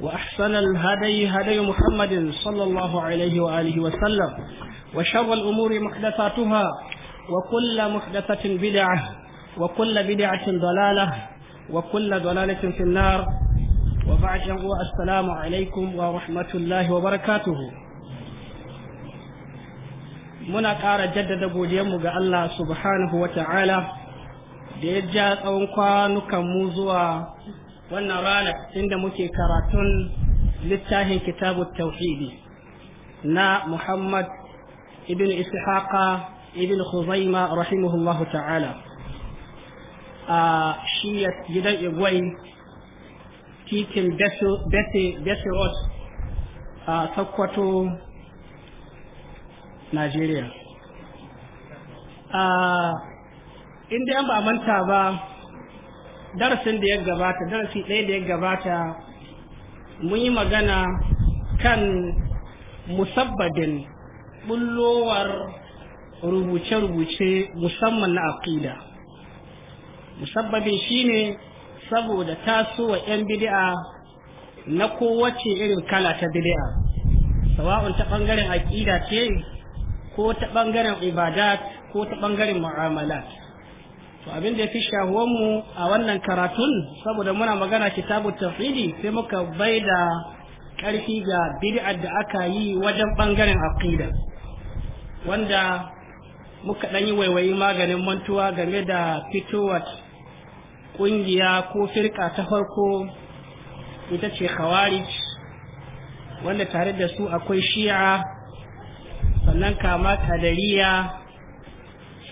وأحسن الهدي هدي محمد صلى الله عليه وآله وسلم وشر الأمور محدثاتها وكل محدثة بدعة وكل بدعة ضلالة وكل ضلالة في النار وبعد السلام عليكم ورحمة الله وبركاته منا ƙara جدد godiyanmu ga Allah سبحانه وتعالى ta'ala da ya wannan rana inda muke karatun littafin kitabu tauhidi na muhammad ibn ishaqa ibn khuzaima rahimahullahu ta'ala a shiyar gidan igwai titin besirot a sakkwato najeriya a inda yan ba manta ba darasin da ya gabata darasi ɗaya da ya gabata mun yi magana kan musabbadin bullowar rubuce-rubuce musamman na aƙida musabbabin shine saboda tasowa 'yan bid'a na kowace irin kala ta bidi'a sawa'un ta ɓangaren aƙida ce ko ta ɓangaren ibadat ko ta ɓangaren mu'amalat to abin da yafi fi mu a wannan karatun saboda muna magana kitabu tauhidi sai muka bai da ƙarfi ga bid'a da aka yi wajen bangaren aqida wanda muka ɗan yi waiwayi maganin mantuwa game da fitowar ƙungiya ko firka ta farko ita ce khawarij wanda tare da su akwai shi'a sannan kama kadariya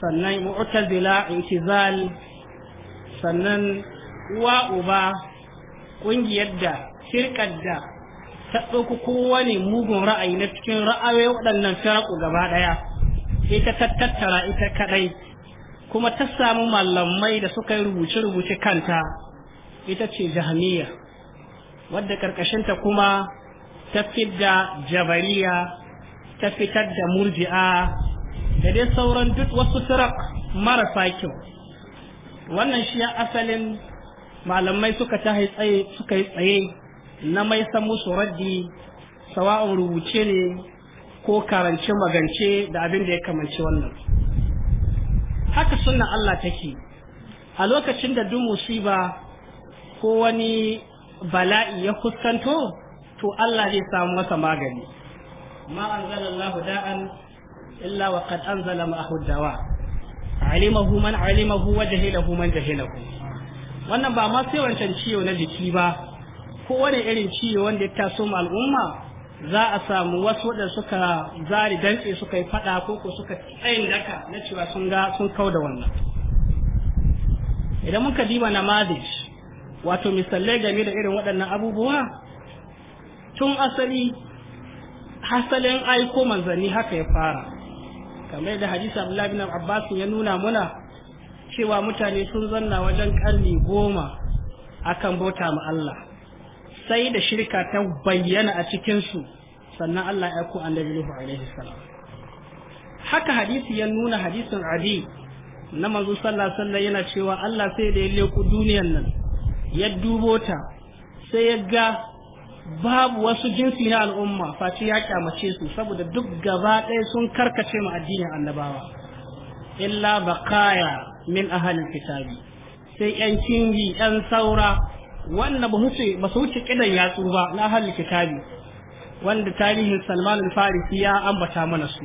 sannan mu'tazila intizal sannan uwa uba ƙungiyar da shirkar da ta ɗauki kowane mugun ra'ayi na cikin ra'ayoyi waɗannan firaku gaba ɗaya ita ta tattara ita kaɗai kuma ta samu malamai da suka yi rubuce-rubuce kanta ita ce jahmiya wadda ƙarƙashinta kuma ta fidda jabariya ta fitar da murji'a da dai sauran duk wasu turak marasa kyau wannan shi ya asalin malamai suka ta tsaye suka yi tsaye na mai san musu raddi sawa'un rubuce ne ko karance magance da abin da ya kamanci wannan haka sunan Allah take a lokacin da duk musiba ko wani bala'i ya fuskanto to Allah zai samu masa magani ma anzalallahu da'an illa wa أنزل anzala ma'ahu dawa alimahu man alimahu wa jahilahu wannan ba ma sai wancan ciwo na jiki ba ko wani irin ciwo wanda ya taso ma al'umma za a samu wasu da suka zari dantse suka yi fada ko ko suka tsayin daka na cewa sun ga sun kau da wannan idan muka diba na madish wato misalai game da irin waɗannan abubuwa tun asali hasalin aiko manzanni haka ya fara kamar da hadisi abdullahi bin abbas ya nuna muna cewa mutane sun zanna wajen karni goma akan bauta ma Allah sai da shirka ta bayyana a cikin su sannan Allah ya ku annabi Nuhu alaihi salam haka hadisi ya nuna hadisin Adi na manzo sallallahu alaihi wasallam yana cewa Allah sai da ya leku duniyar nan ya dubota sai ya ga babu wasu jinsi na al'umma face ya kyamace su saboda duk gaba ɗaya sun karkace mu addinin annabawa illa baqaya min ahalin kitabi sai yan kingi yan saura wanda ba huce ba su wuce kidan yatsu ba na ahalin kitabi wanda tarihin Salman al-Farisi ya ambata mana su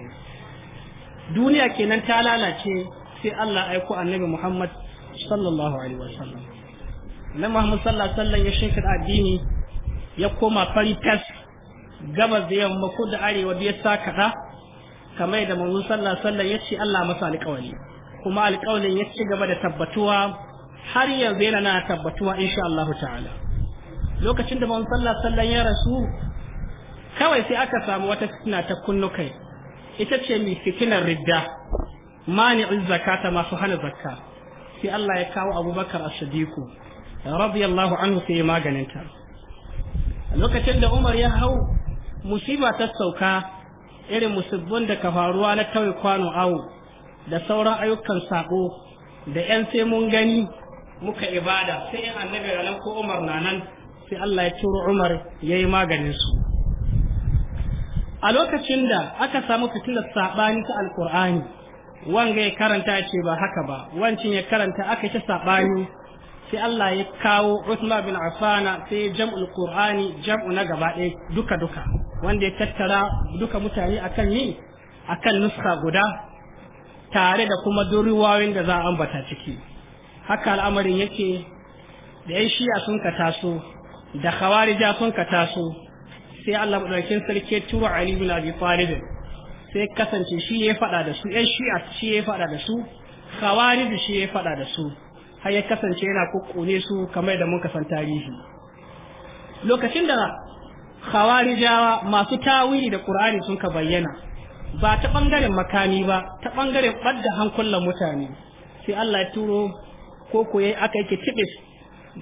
duniya kenan ta lalace sai Allah aiko annabi Muhammad sallallahu alaihi wasallam nan Muhammad sallallahu alaihi wasallam ya shimfida addini ya koma fari tas gabas da yamma ko da arewa da ya sa kaɗa kamar yadda manzo sallah sallah ya ce Allah masa alƙawari kuma alƙawarin ya ci gaba da tabbatuwa har yanzu yana na tabbatuwa insha Allah ta'ala lokacin da manzo sallah sallah ya rasu kawai sai aka samu wata fitina ta kunnu kai. ita ce mai fitinar ridda mani'in zakata masu hana zakka sai Allah ya kawo Abubakar as-Siddiq radiyallahu anhu sai ta lokacin da Umar ya hau musiba ta sauka irin musibbin da ka faruwa na tauye kwano awo da sauran ayyukan sako da yan sai mun gani muka ibada sai yan annabi ranar ko Umar na nan sai Allah ya turo Umar ya yi maganin su a lokacin da aka samu fitilar saɓani ta alkur'ani wanga ya karanta ce ba haka ba wancin ya karanta aka ce saɓani sai Allah ya kawo Usman bin Affan sai jam'ul Qur'ani jam'u na gaba ɗaya duka duka wanda ya tattara duka mutane akan ni akan nuska guda tare da kuma duriwawin da za a ambata ciki haka al'amarin yake da yan shi'a sun ka taso da khawarija sun ka taso sai Allah madaukakin sarki turo Ali bin Abi Talib sai kasance shi ya faɗa da su yan shi'a shi ya faɗa da su khawarij shi ya faɗa da su har ya kasance yana kukkune su kamar da muka san tarihi lokacin da khawarijawa masu tawili da qur'ani sun ka bayyana ba ta ɓangaren makami ba ta ɓangaren ɓadda hankulan mutane sai Allah ya turo ko ko aka yake tibis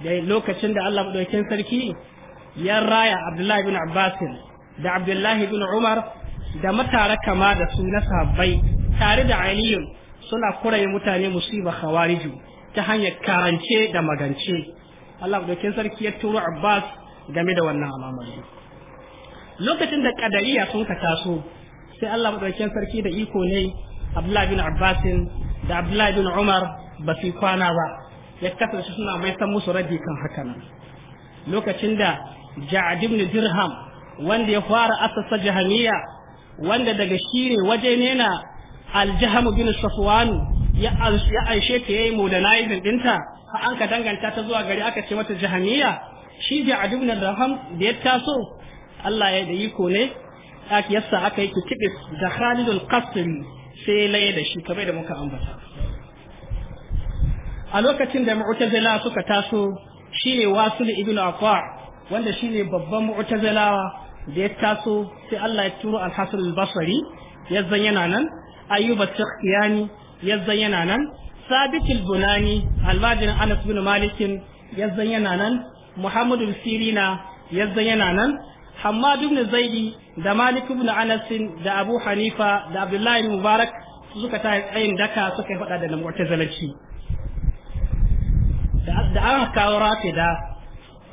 da lokacin da Allah madaukakin sarki ya raya Abdullahi bin Abbas da Abdullahi bin Umar da matara kama da su na sahabbai tare da Aliyu suna kuraye mutane musiba khawariju ta hanyar karance da magance Allah dokin sarki ya turo Abbas game da wannan al'amari lokacin da kadariya sun ka taso sai Allah dokin sarki da iko ne Abdullahi bin Abbas da Abdullahi bin Umar ba su kwana ba ya kasance suna mai san musu radi kan hakan lokacin da Ja'ad ibn Dirham wanda ya fara asasa jahamiya, wanda daga shi ne waje ne na al bin Safwan ya aishe ta yayi modernizing dinta ha an ka danganta ta zuwa gari aka ce mata jahamiya shi ja ibn raham da ya taso Allah ya da iko ne aka yassa aka yi kitibis da Khalidul Qasri sai laye da shi kamar da muka ambata a lokacin da mu'tazila suka taso shine wasul ibn aqwa wanda shine babban mu'tazilawa da ya taso sai Allah ya turo al-hasan al-basri ya yana nan ayyuba tsakiyani yazzan yana nan sabitul bunani almajirin anas bin malikin yazzan yana nan muhammadu sirina yazzan yana nan hammad ibn zaidi da malik ibn anas da abu hanifa da abdullahi mubarak suka ta tsayin daka suka faɗa da mu'tazilaci da an kawo rafida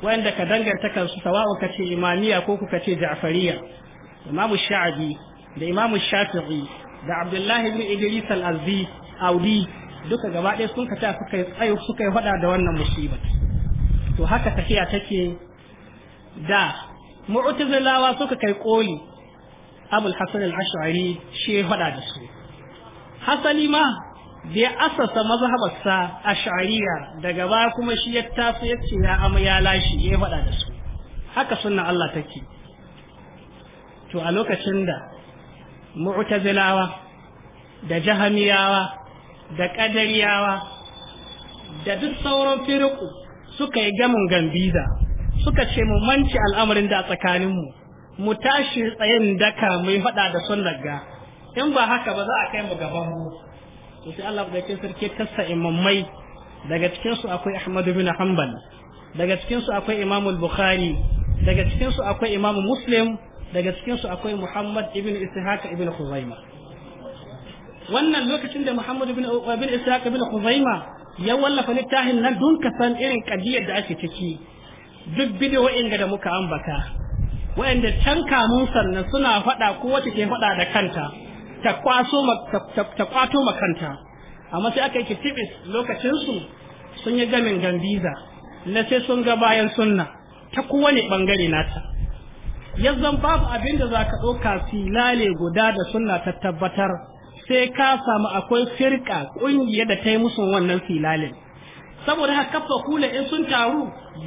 wanda ka danganta kansu sawa'u kace imamiya ko kuka ce ja'fariya imamu sha'abi da imamu shafi'i da abdullahi ibn idris al-azdi audi duka gaba ɗaya sun kata suka yi suka faɗa da wannan musiba to haka tafiya take da mu'tazilawa suka kai koli abul hasan al-ash'ari shi ya faɗa da su hasali ma da asasa mazhabar sa ash'ariya daga ba kuma shi ya tafi ya ce ya amma ya lashi ya faɗa da su haka sunnan Allah take to a lokacin da mu'tazilawa da jahamiyawa da kadariyawa da duk sauran firiku suka yi gamin gambiza suka ce mu manci al'amarin da tsakaninmu mu tashi tsayin daka mu yi faɗa da sunnar ga in ba haka ba za a kai mu gaban mu to sai Allah da ke sarki tassa imammai daga cikin su akwai Ahmad bin Hanbal daga cikin su akwai Imam Bukhari daga cikin su akwai Imam Muslim daga cikin su akwai Muhammad ibn Ishaq ibn Khuzaima wannan lokacin da Muhammad ibn uh, ibn Ishaq ibn Khuzaima ya wallafa littafin nan don ka san irin kadiyar da ake ciki duk bidiyo bidiyoyin da muka ambata Wayanda can kamun sannan suna faɗa ko wata ke faɗa da kanta ta kwaso ta kwato makanta amma sai aka yi kitibis lokacin su sun yi gamin gambiza na sai sun ga bayan sunna ta kowane bangare nata Ya zan babu abin da za ka ɗauka filale guda da suna ta tabbatar sai ka samu akwai firka ƙungiya da ta yi musu wannan filalin saboda haka kafa kula in sun taru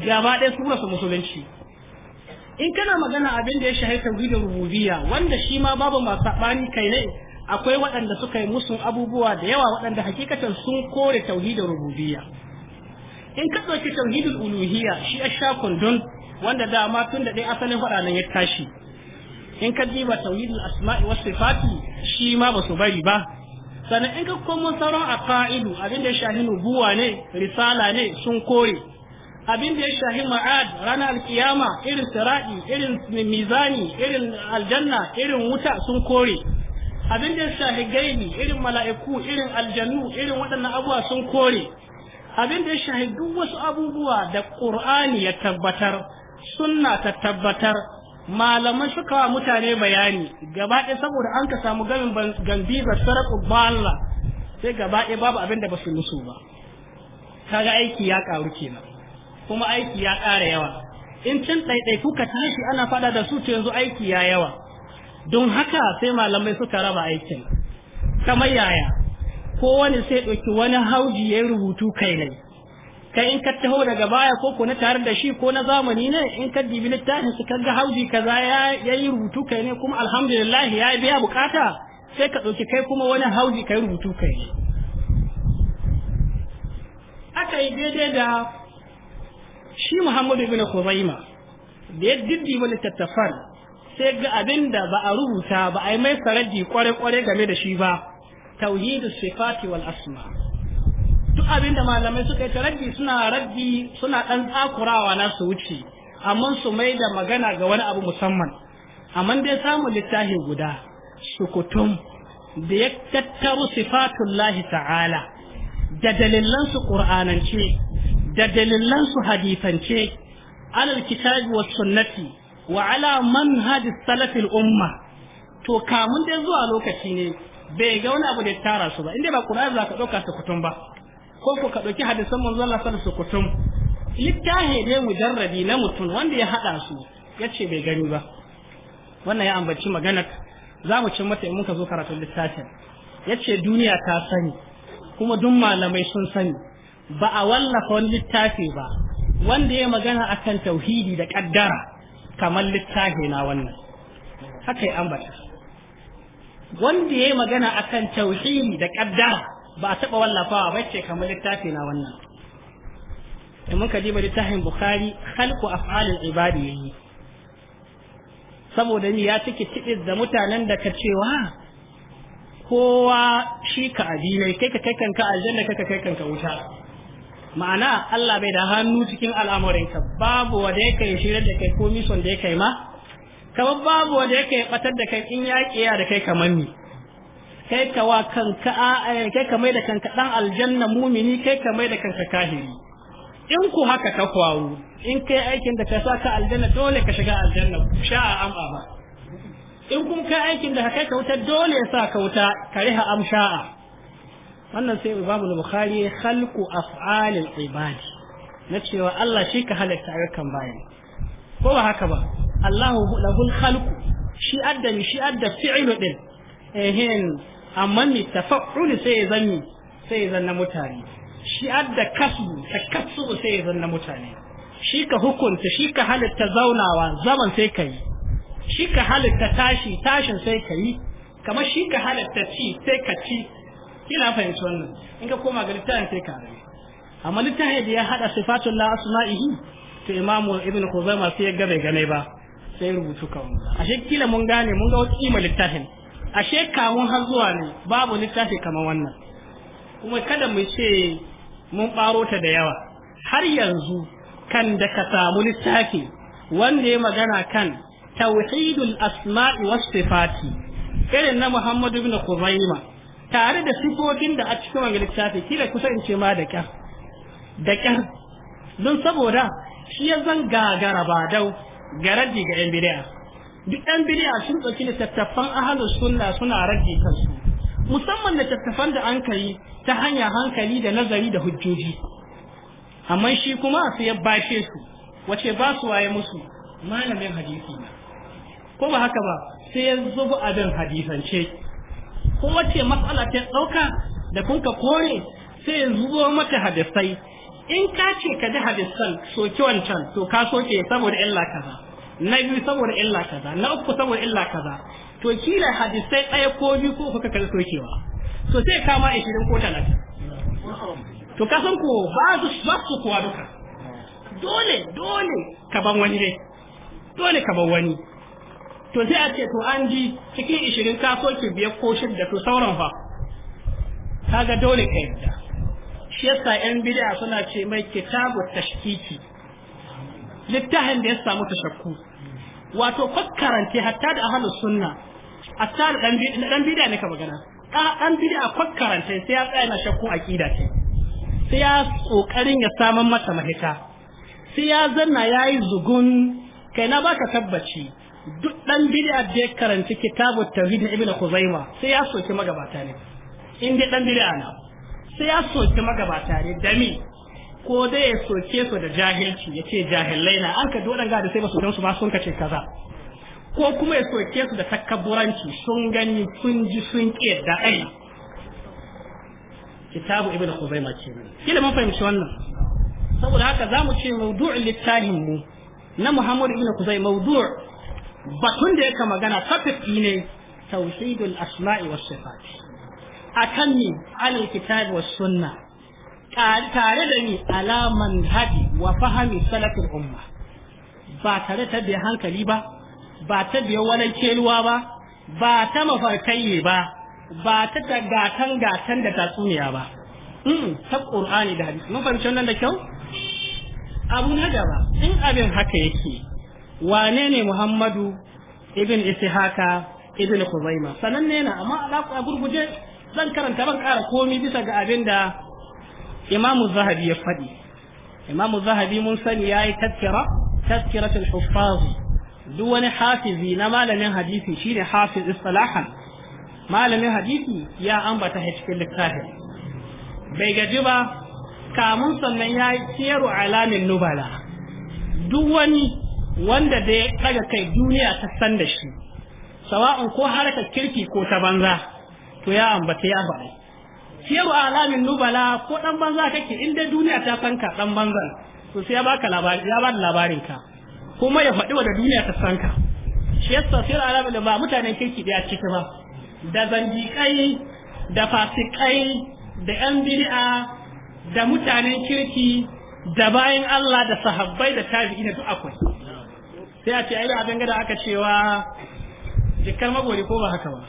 gaba ɗaya su rasa musulunci in kana magana abin da ya shahi tauhidin rububiya wanda shi ma babu masu saɓani kai ne akwai waɗanda suka yi musu abubuwa da yawa waɗanda hakikatan sun kore tauhidin rububiya. in ka ɗauki tauhidin uluhiya shi a sha don wanda dama tun da dai asalin fada nan ya tashi in ka diba tauhidul asma'i was sifati shi ma ba su bari ba sannan in ka komo sauran aqaidu abin da ya shahi nubuwa ne risala ne sun kore abin da ya shahi ma'ad ranar alkiyama irin sira'i irin mizani irin aljanna irin wuta sun kore abin da ya shahi gaibi irin mala'iku irin aljannu irin waɗannan abubuwa sun kore abin da ya shahi duk wasu abubuwa da ƙur'ani ya tabbatar sunna ta tabbatar malaman suka wa mutane bayani gaba saboda an ka samu gamin gambizar sarrafa balla sai gaba ɗaya babu abin da ba su musu ba kaga aiki ya ƙaru kenan kuma aiki ya ƙara yawa in cin ɗaiɗaiku ka tashi ana faɗa da su to yanzu aiki ya yawa don haka sai malamai suka raba aikin kamar yaya ko wani sai ɗauki wani hauji ya rubutu kai ne kai in ka taho daga baya ko ko na tare da shi ko na zamani ne in ka dibi littafin su ga hauji kaza ya yi rubutu kai ne kuma alhamdulillah ya biya bukata sai ka dauki kai kuma wani hauji kai rubutu kai ne aka yi daidai da shi muhammadu ibn khuzaima da ya wani littattafan sai ga abin da ba a rubuta ba a yi mai saradi kware-kware game da shi ba tauhidu sifati wal asma' duk abin da malamai suka yi ta raddi suna raddi suna ɗan takurawa na su wuce amma su mai da magana ga wani abu musamman amma dai samun littafi guda sukutum da ya tattaro sifatullahi ta'ala da dalilan su qur'anance da dalilan su hadifance alal kitabi wa sunnati wa ala manhaj salaf umma to kamun dai zuwa lokaci ne bai ga wani abu da tarasu su ba inda ba qur'ani za ka su kutum ba ko ku ka ɗauki hadisan manzo Allah sallallahu alaihi wasallam littahi ne mujarrabi na mutum wanda ya haɗa su yace bai gani ba wannan ya ambaci magana za mu ci mata in muka zo karatu littafin yace duniya ta sani kuma duk malamai sun sani ba a wallafa wani littafi ba wanda ya magana akan tauhidi da kaddara kamar littafi na wannan haka ya ambata wanda ya magana akan tauhidi da kaddara ba a taɓa wallafawa ba ce kamar littafi na wannan in muka ta littafin bukhari halku afalin ibadi yayi saboda ni ya cike tibis da mutanen da ka cewa kowa shi ka adinai kai ka kai kanka aljanna kai ka kai kanka wuta ma'ana Allah bai da hannu cikin al'amuranka babu wanda yake kai shirar da kai ko mison da yake ma kamar babu wanda yake batar da kai in ya kiya da kai kamar ni kai ka wa kanka kai ka mai da kanka dan aljanna mumini kai ka mai da kanka kahiri in ku haka ka kwawo in kai aikin da ka sa ka aljanna dole ka shiga aljanna sha'a am'a ba in kuma kai aikin da kai ka wuta dole ya sa ka wuta kare riha am sha'a wannan sai babu Bukhari khalqu af'alil ibadi na cewa Allah shi ka halitta ayyukan bayan ko ba haka ba Allahu lahul khalqu shi adda shi adda fi'lu din ehin amma ni tafa'ul sai ya zanyi sai ya zanna mutane shi adda kasu kasbu takassu sai ya zanna mutane shi ka hukunta shi ka halitta zaunawa zaman sai ka yi shi ka halitta tashi tashin sai ka yi kamar shi ka halitta ci sai ka ci kina fahimci wannan in ka koma ga littafin sai ka rabe amma littafin da ya hada sifatul la asma'ihi to imamu ibn khuzaimah sai ya ga bai gane ba sai rubutu kan ashe kila mun gane mun ga wata kima littafin ashe kamun har zuwa ne babu littafi kamar wannan kuma kada mu ce mun ɓaro ta da yawa har yanzu kan da ka samu littafi wanda ya magana kan tauhidul asma'i was sifati irin na Muhammadu ibn Khuzaima tare da sifofin da a cikin wannan littafi kila kusa in ce ma da kyar da kyar don saboda shi ya zan gagara ba dau garaji ga yan bid'a duk ɗan bid'a sun ɗauki littattafan ahlus sunna suna rage kansu musamman da tattafan da an kai ta hanya hankali da nazari da hujjoji amma shi kuma su ya bashe su wace ba su waye musu malamin hadisi na ko ba haka ba sai ya zubu abin hadisance ko wace matsala ta ɗauka da kun ka kore sai ya zubo mata hadisai in ka ce ka ji hadisan soke wancan to ka soke saboda illa kaza na biyu saboda illa kaza na uku saboda illa kaza to kila hadisai ɗaya ko biyu ko kuka kaza sokewa to sai ka ma ishirin ko talatin to ka san ko ba su ba su kuwa duka dole dole ka ban wani ne dole ka ban wani to sai a ce to an ji cikin ishirin ka soke biyar ko shidda to sauran fa kaga dole ka yadda shi yasa yan bid'a suna ce mai kitabu tashkiki littafin da ya samu tashakku wato fakkarante hatta da ahalu sunna hatta da dan bid'a ne ka magana dan bid'a fakkarante sai ya tsaya na shakku aqida ce sai ya kokarin ya saman mata mahita sai ya zanna yayi zugun kai na baka tabbaci duk dan bid'a da ya karanci kitabu tawhid na ibn khuzaima sai ya soke magabata ne in dai dan bid'a na sai ya soke magabata ne dami ko dai ya soke su da jahilci ya ce jahilai na an kaji waɗanda da sai basu su gan su ba sun kace kaza ko kuma ya soke su da takabburanci sun gani sun ji sun ƙi da ai kitabu ibn khuzaima ne kila mun fahimci wannan saboda haka zamu ce mawdu'u littafin mu na muhammad ibn khuzaima mawdu' batun da yake magana topic ne tauhidul asma'i was sifat akan ni al kitabi was sunnah tare da ni alaman hadi wa fahami salafin umma ba tare ta biya hankali ba ba ta biya wani keluwa ba ba ta mafarkai ba ba ta gatan gatan da tatsuniya ba hmm, ta ƙur'ani da hadisi mun fahimci wannan da kyau abu na gaba in abin haka yake wane ne muhammadu ibn ishaka ibn khuzaima sanan ne na amma a gurguje zan karanta ban ƙara komi bisa ga abin da imamu zahabi ya faɗi imamu zahabi mun sani ya yi taskira taskiratul huffazi duk wani hafizi na malamin hadisi shine hafiz istilahan malamin hadisi ya ambata a cikin bai gaji ba kamun sannan ya yi tsero alamin nubala duk wani wanda da ya daga kai duniya ta san da shi sawa'un ko harkar kirki ko ta banza to ya ambata ya ba'i siyaru alamin nubala ko dan banza kake in dai duniya ta san ka dan banzan to sai ya baka labari ya bada labarin ka kuma ya faɗi wa da duniya ta sanka, ka shi yasa sai alamin ba mutanen kirki da ciki ba da zandiƙai da fasikai da yan bid'a da mutanen kirki da bayan Allah da sahabbai da tabi'i da duk akwai sai a ce ai abin gada aka cewa jikar magori ko ba haka ba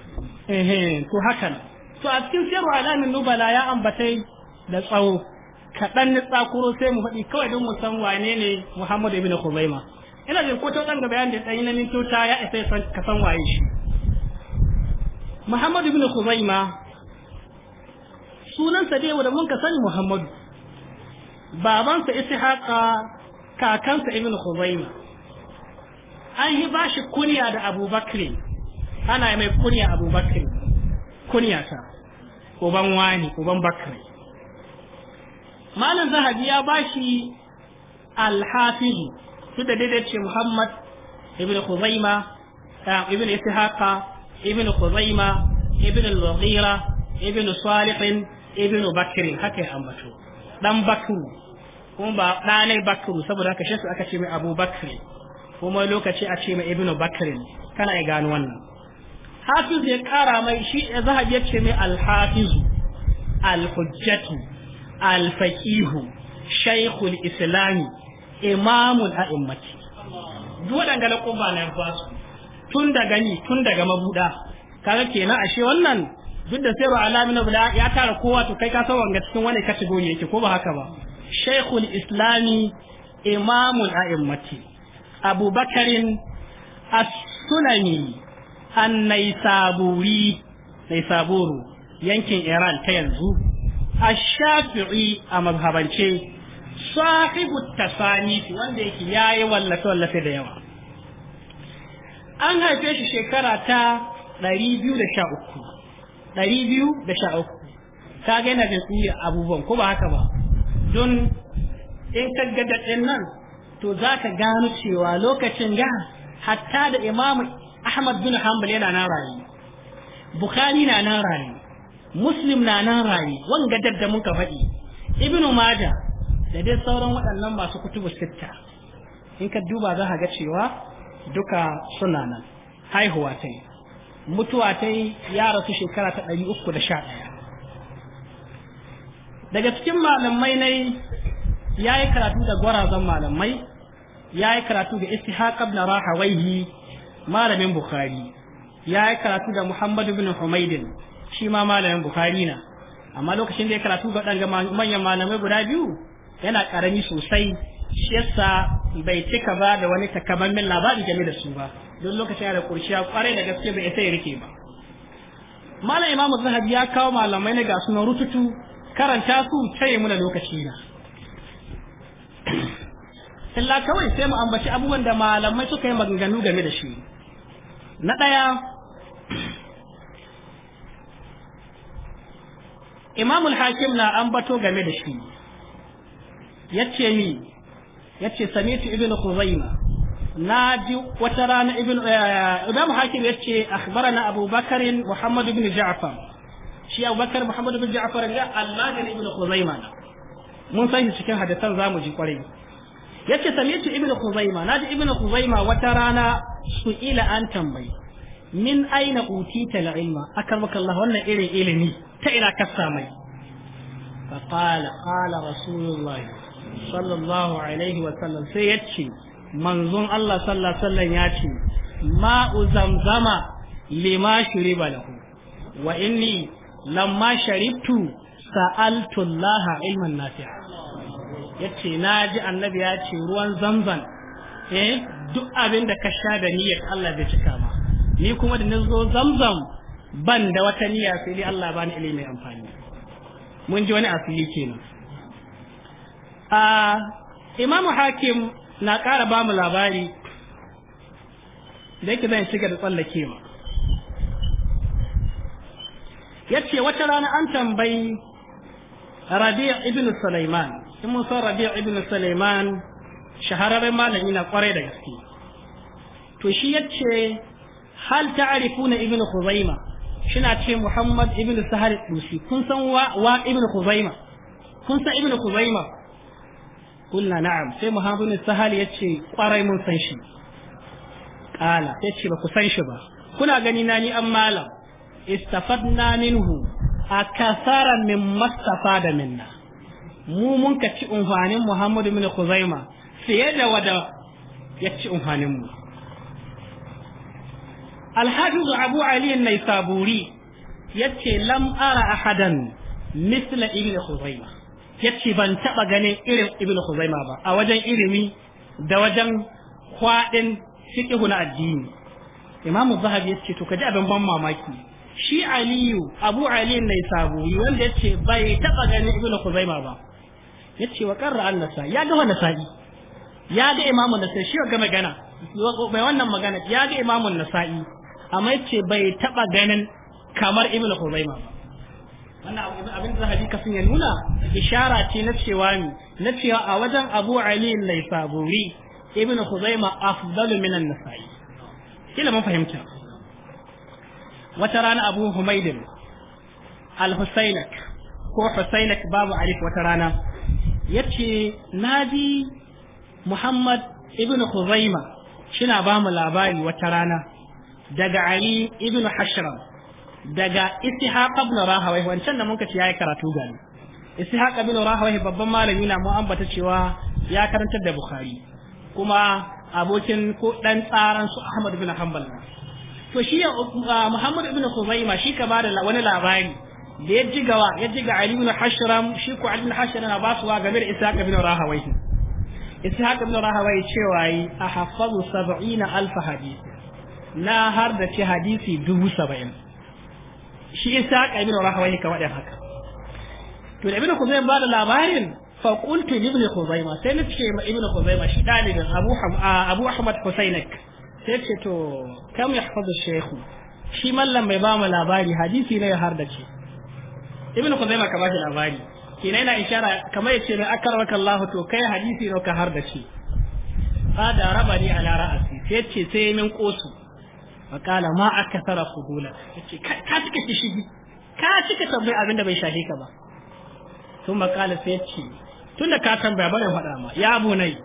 eh to haka ne to a cikin sirru alamin nubala ya ambatai da tsawo kaɗan na tsakuro sai mu faɗi kawai don mu san wane ne muhammadu ibn khuzaima ina jin ko ta ga bayan da ɗan yi na mintota ya isa ka san waye shi muhammadu ibn khuzaima sunansa dai wanda mun ka sani muhammadu babansa ishaqa kakansa ibn khuzaima an yi bashi kunya da abubakar ana mai kunya abubakar kunya ta uban wani uban bakar malam zahabi ya bashi alhafizu su da daidai ce muhammad ibn khuzaima ibn ishaqa ibn khuzaima ibn al-mughira ibn salih ibn bakr haka ya ambato dan bakru kuma ba ɗanai bakru saboda haka shi aka ce mai abu bakri kuma lokaci a ce mai ibn bakrin kana ya gano wannan hafiz ya kara mai shi zahab ya ce mai alhafizu alhujjatu alfaqihu shaykhul islami imamul a'immati duk waɗanda laƙuba na ba su tun daga ni tun daga mabuɗa kaga kenan ashe wannan duk da sai ba alamin bula ya tara kowa to kai ka san wanga cikin wani kategori yake ko ba haka ba shaykhul islami imamul a'immati abubakarin as-sunani annaisaburi naisaburu yankin iran ta yanzu ashafi'i shafii a mazhabance sahibu tasanif wanda yake yayi wallafe wallafe da yawa an haife shi shekara ta 213 213 gaina ga da su abubuwan ko ba haka ba don in ka ga nan to za ka gano cewa lokacin ga hatta da imamu Ahmad bin Hanbal yana nan rayi Bukhari na nan raye Muslim na nan raye wanga dadda mun ka faɗi Ibn Majah da dai sauran waɗannan masu kutubu sitta in ka duba za ka ga cewa duka suna nan haihuwa ta yi mutuwa ta ya rasu shekara ta ɗari uku da sha ɗaya daga cikin malamai na ya yi karatu da gwarazan malamai ya yi karatu da istihaq ibn rahawaihi malamin bukhari ya yi karatu da Muhammadu bin humaidin shi ma malamin bukhari na amma lokacin da ya karatu ga ɗan manyan malamai guda biyu yana karami sosai shi yasa bai cika ba da wani takamammen labari game da su ba don lokacin yana da kurciya kwarai da gaske bai isa ya rike ba malam imamu zahabi ya kawo malamai na ga sunan rututu karanta su mu muna lokaci na illa kawai sai mu ambaci abubuwan da malamai suka yi maganganu game da shi na ɗaya imamul hakim na ambato game da shi yace ni yace samitu Ibn ibnu na ji wata rana ibnu eh, imam hakim yace akhbarana abubakar muhammad ibn ja'far shi abubakar muhammad ibn ja'far ga allah ibnu khuzaima mun san shi cikin hadisan zamu ji kwarai yace sami'tu ibnu khuzaima naji ibnu khuzaima wata rana su ila an tambayi min aina utita al-ilma akramaka Allah wannan irin ilimi ta ina ka samai fa qala qala rasulullahi sallallahu alaihi wa sallam sai yace manzon Allah sallallahu alaihi wa sallam yace ma'u zamzama lima shuriba lahu wa inni lamma sharibtu sa'altu Allah ilman nafi'a Ya ce na ji annabi ya ce ruwan zamzan eh duk abin da ka sha da niyyar Allah bai cika ma ni kuma da nazo zamzam ban da wata niyya sai dai Allah bani ilimi mai amfani mun ji wani asiri kenan a imamu hakim na ƙara ba mu labari da yake zan shiga da tsallakewa ya ce wata rana an tambayi rabi' ibn Sulaiman in mun san rabi ibn suleiman shahararren malami na kwarai da gaske to shi yace hal ta'rifuna ibn khuzaima shina ce muhammad ibn sahar dusi kun san wa, wa ibn khuzaima kun san ibn khuzaima kulna na'am sai muhammad ibn sahal yace kwarai mun san shi kala ce ba ku san shi ba kuna gani na ni an malam istafadna minhu akasara min mastafa da minna mu mun ka ci unhwanin Muhammadu bin Khuzaima fiye da wada ya ci unhwanin mu Al-Hafiz Abu Ali an-Naisaburi yace lam ara ahadan misla Ibn Khuzaima yace ban taba ganin irin Ibn Khuzaima ba a wajen ilimi da wajen kwadin fiqhu na addini Imam Zahabi yace to kaji abin ban mamaki shi aliyu abu ali ne sabu wanda yace bai taɓa ganin ibnu kuzaima ba yace wa qarra an nasa ya ga wannan sa'i ya ga imamu sa'i shi ga magana mai wannan magana ya ga imamu nasa'i amma yace bai taba ganin kamar ibnu huzaima wannan abin hadisi kafin ya nuna ishara ce na cewa ni na cewa a wajen abu ali laisaburi ibnu huzaima afdalu minan nasa'i kila mun fahimta wata rana abu humaidin al-husainak ko husainak babu alif wata rana yace bi Muhammad ibn Khuzaima shina ba mu labari wata rana daga Ali ibn Hashram daga Ishaq ibn Rahawai wancan da muka ce yayi karatu gani Ishaq ibn Rahawai babban malami na mu ambata cewa ya karantar da Bukhari kuma abokin ko dan tsaran su Ahmad ibn Hanbal to shi uh, Muhammad ibn Khuzaima shi ka ba da wani labari da ya jiga wa ya jiga Ali ibn Hashram shi ko Ali ibn Hashram na basuwa game da Ishaq ibn Rahawayh Ishaq ibn Rahawayh cewa yi a hafazu 70 alf hadisi na har da ce hadisi 70 shi Ishaq ibn Rahawayh kamar da haka to da ibn Khuzaimah ba da labarin fa qultu ibn Khuzaimah sai na ce ma ibn Khuzaimah shi dalibin Abu Abu Ahmad Husainak sai ce to kam yahfazu shaykhu shi mallam bai ba mu labari hadisi ne har da ce ibnu khuzaimah ka bashi labari kina yana ishara kamar yace mai akarraka Allah to kai hadisi ne ka har da shi raba rabani ala ra'asi sai yace sai min kosu kala ma akthara qudula yace ka cika shi ka cika tambayi abinda bai shafe ka ba sun makala sai yace tunda ka tambaya bari fada ma ya bunai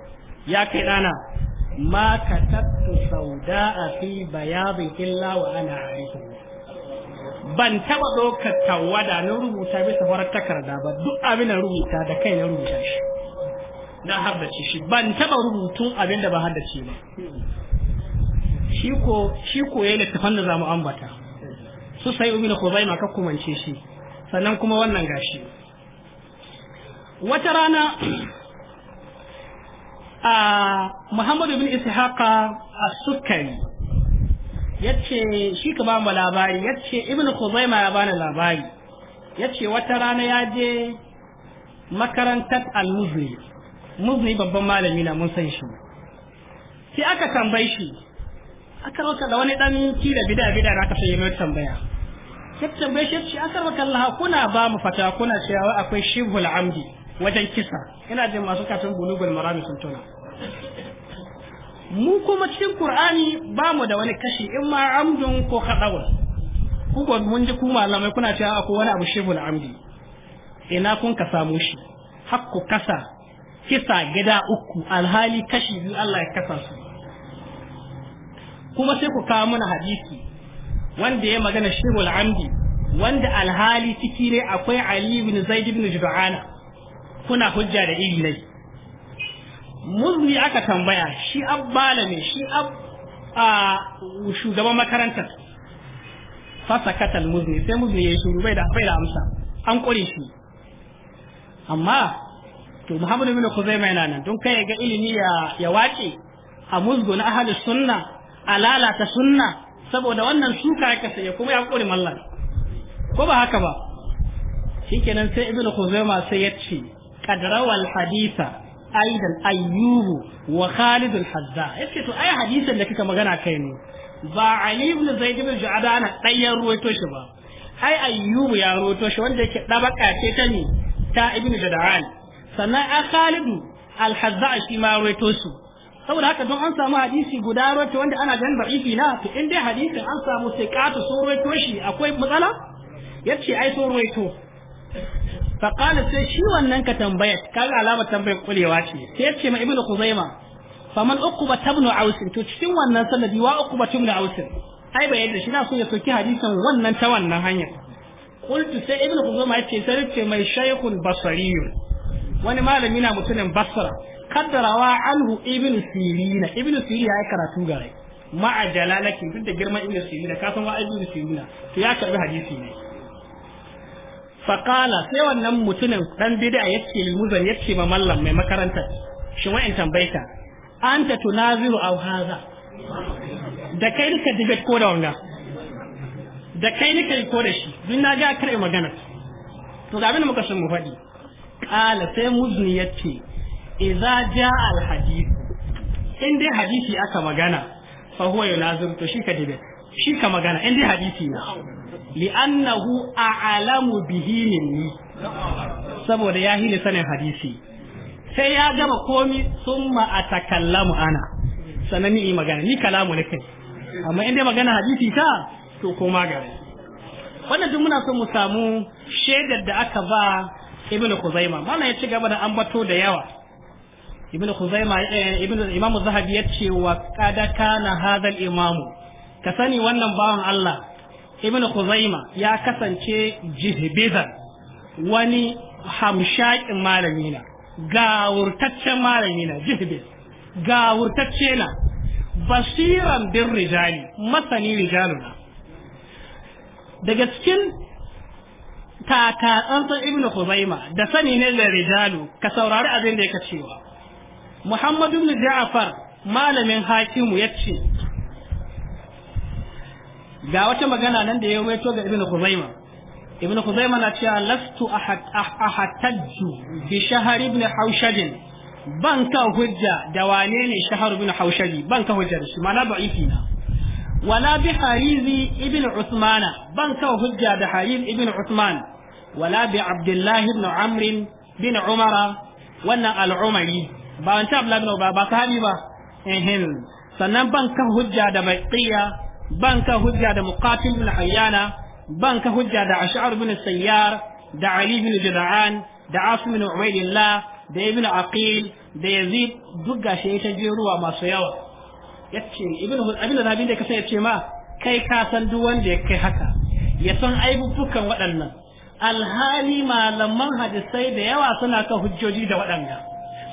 ya kai dana ma katattu sauda fi bayadi illa wa ana arifu ban taba ɗaukar tawada na rubuta bisa farar takarda ba duk abin da rubuta da kai na rubuta shi na haddace shi ban taba rubutun abin da ba haddace ba shi ko shi ko yayin littafan da zamu ambata su sai ubi ko bai maka kumance shi sannan kuma wannan gashi wata rana a Muhammadu bin Ishaqa a Sukkari yace shi ka ba mu labari yace ibnu khuzaima ya bani labari yace wata rana ya je makarantar al-muzni muzni babban malami na mun san shi sai aka tambaye shi aka roka da wani dan kira bida bida da aka sai mai tambaya sai tambaye shi shi aka roka Allah kuna ba mu fata kuna cewa akwai shibul amdi wajen kisa ina jin masu katun bulugul marami sun tona mu kuma cikin Qur'ani ba mu da wani kashi in ma amdun ko kadawa ku ko mun ji ku malamai kuna cewa akwai wani abu shibul amdi ina kun ka samu shi hakku kasa kisa gida uku alhali kashi biyu Allah ya kasa su kuma sai ku kawo mana hadisi wanda ya magana shibul amdi wanda alhali ciki ne akwai Ali ibn Zaid ibn jubana kuna hujja da iri ne muzmi aka tambaya shi ab ne shi ab a shugaban makarantar fasa katal muzmi sai muzmi ya yi shuru bai da bai da amsa an kore shi amma to muhammadu bin Kuzai mai nan don kai ga ilimi ya ya wace a musgo na ahli sunna a lalata sunna saboda wannan suka ya kasa ya kuma ya kore mallan ko ba haka ba shikenan sai ibnu kuzaima sai ya ce qadrawal haditha aidan ayyubu wa Khalidu al-hazza yace to ai hadisin da kika magana kai ne ba ali ibn zaid ibn ju'ada ana dayan ruwaito shi ba ai ayyubu ya ruwaito shi wanda yake dabaka ce ta ne ta ibn jada'an sannan a khalidu al-hazza shi ma ruwaito su saboda haka don an samu hadisi guda ruwaito wanda ana ganin ba'ifi na to in dai hadisin an samu sai kata sun ruwaito shi akwai matsala yace ai sun ruwaito faƙala sai shi wannan ka tambaya kaga alama tambayar kulewa ce sai ya ce ma ibnu kuzaima faman uquba tabnu aus to cikin wannan sanadi wa uquba tabnu aus ai bai yadda shi na so ya soki hadisin wannan ta wannan hanyar qultu sai ibnu kuzaima ya ce sai ce mai shaykhun basariyun wani malami na mutumin basra kaddarawa anhu ibnu sirina ibnu sirina ya karatu garai ma'a jalalakin duk da girman ibnu sirina ka san wa ibnu sirina to ya karbi hadisi ne faƙala sai wannan mutumin ɗan bida ya ce limuzan ya ce ma mallam mai makaranta shi wa'in tambaita an ta zuru au haza da kai nika dibe ko da wanga da kai nika yi ko da shi duk na ga karɓe magana to ga abin da muka san mu faɗi ƙala sai muzni ya ce idza ja al hadith in dai hadisi aka magana fa huwa yunaziru to shi ka debate shi ka magana in dai hadisi na li'annahu a'lamu bihi minni saboda ya hini sanin hadisi sai ya gama komi summa atakallamu ana sannan ni magana ni kalamu ne kai amma in dai magana hadisi ta to ko magana wannan duk muna so mu samu shaidar da aka ba ibnu khuzaima mana ya ci gaba da ambato da yawa ibnu khuzaima ibnu imam zahabi ya ce wa kada kana hadal imamu ka sani wannan bawan Allah ibn Khuzaima ya kasance jihbidan wani hamshakin malami na gawurtaccen malami na jihbiz gawurtacce na basiran bin rijali masani rijaluna daga cikin takatsantsan ibn Khuzaima da sani ne da rijalu ka saurari abin da yake cewa Muhammadu ibn Ja'far malamin hakimu ce. ga wata magana nan da ya ruwaito ga ibnu khuzaima ibnu khuzaima na cewa lastu ahattajju ah, bi shahr ibn haushad ban ka hujja da wane ne shahr ibn haushad ban ka hujja da shi mana da'ifi na wala bi harizi ibn usmana ban ka hujja da hariz ibn usman wala bi abdullah ibn amr bin umar wannan al-umari ba wancan abdullah ibn ba ba sahabi ba sannan ban ka hujja da baqiya. ban hujja da muqatil bin hayyana ban hujja da ash'ar bin sayyar da ali bin jada'an da asim bin ubaidillah da ibn aqil da yazid duk gashi ta jeruwa masu yawa yace ibn abin da abin da kasa yace ma kai ka san duk wanda ya kai haka ya san aibubukan waɗannan alhali malaman hadisai da yawa suna kan hujjoji da waɗannan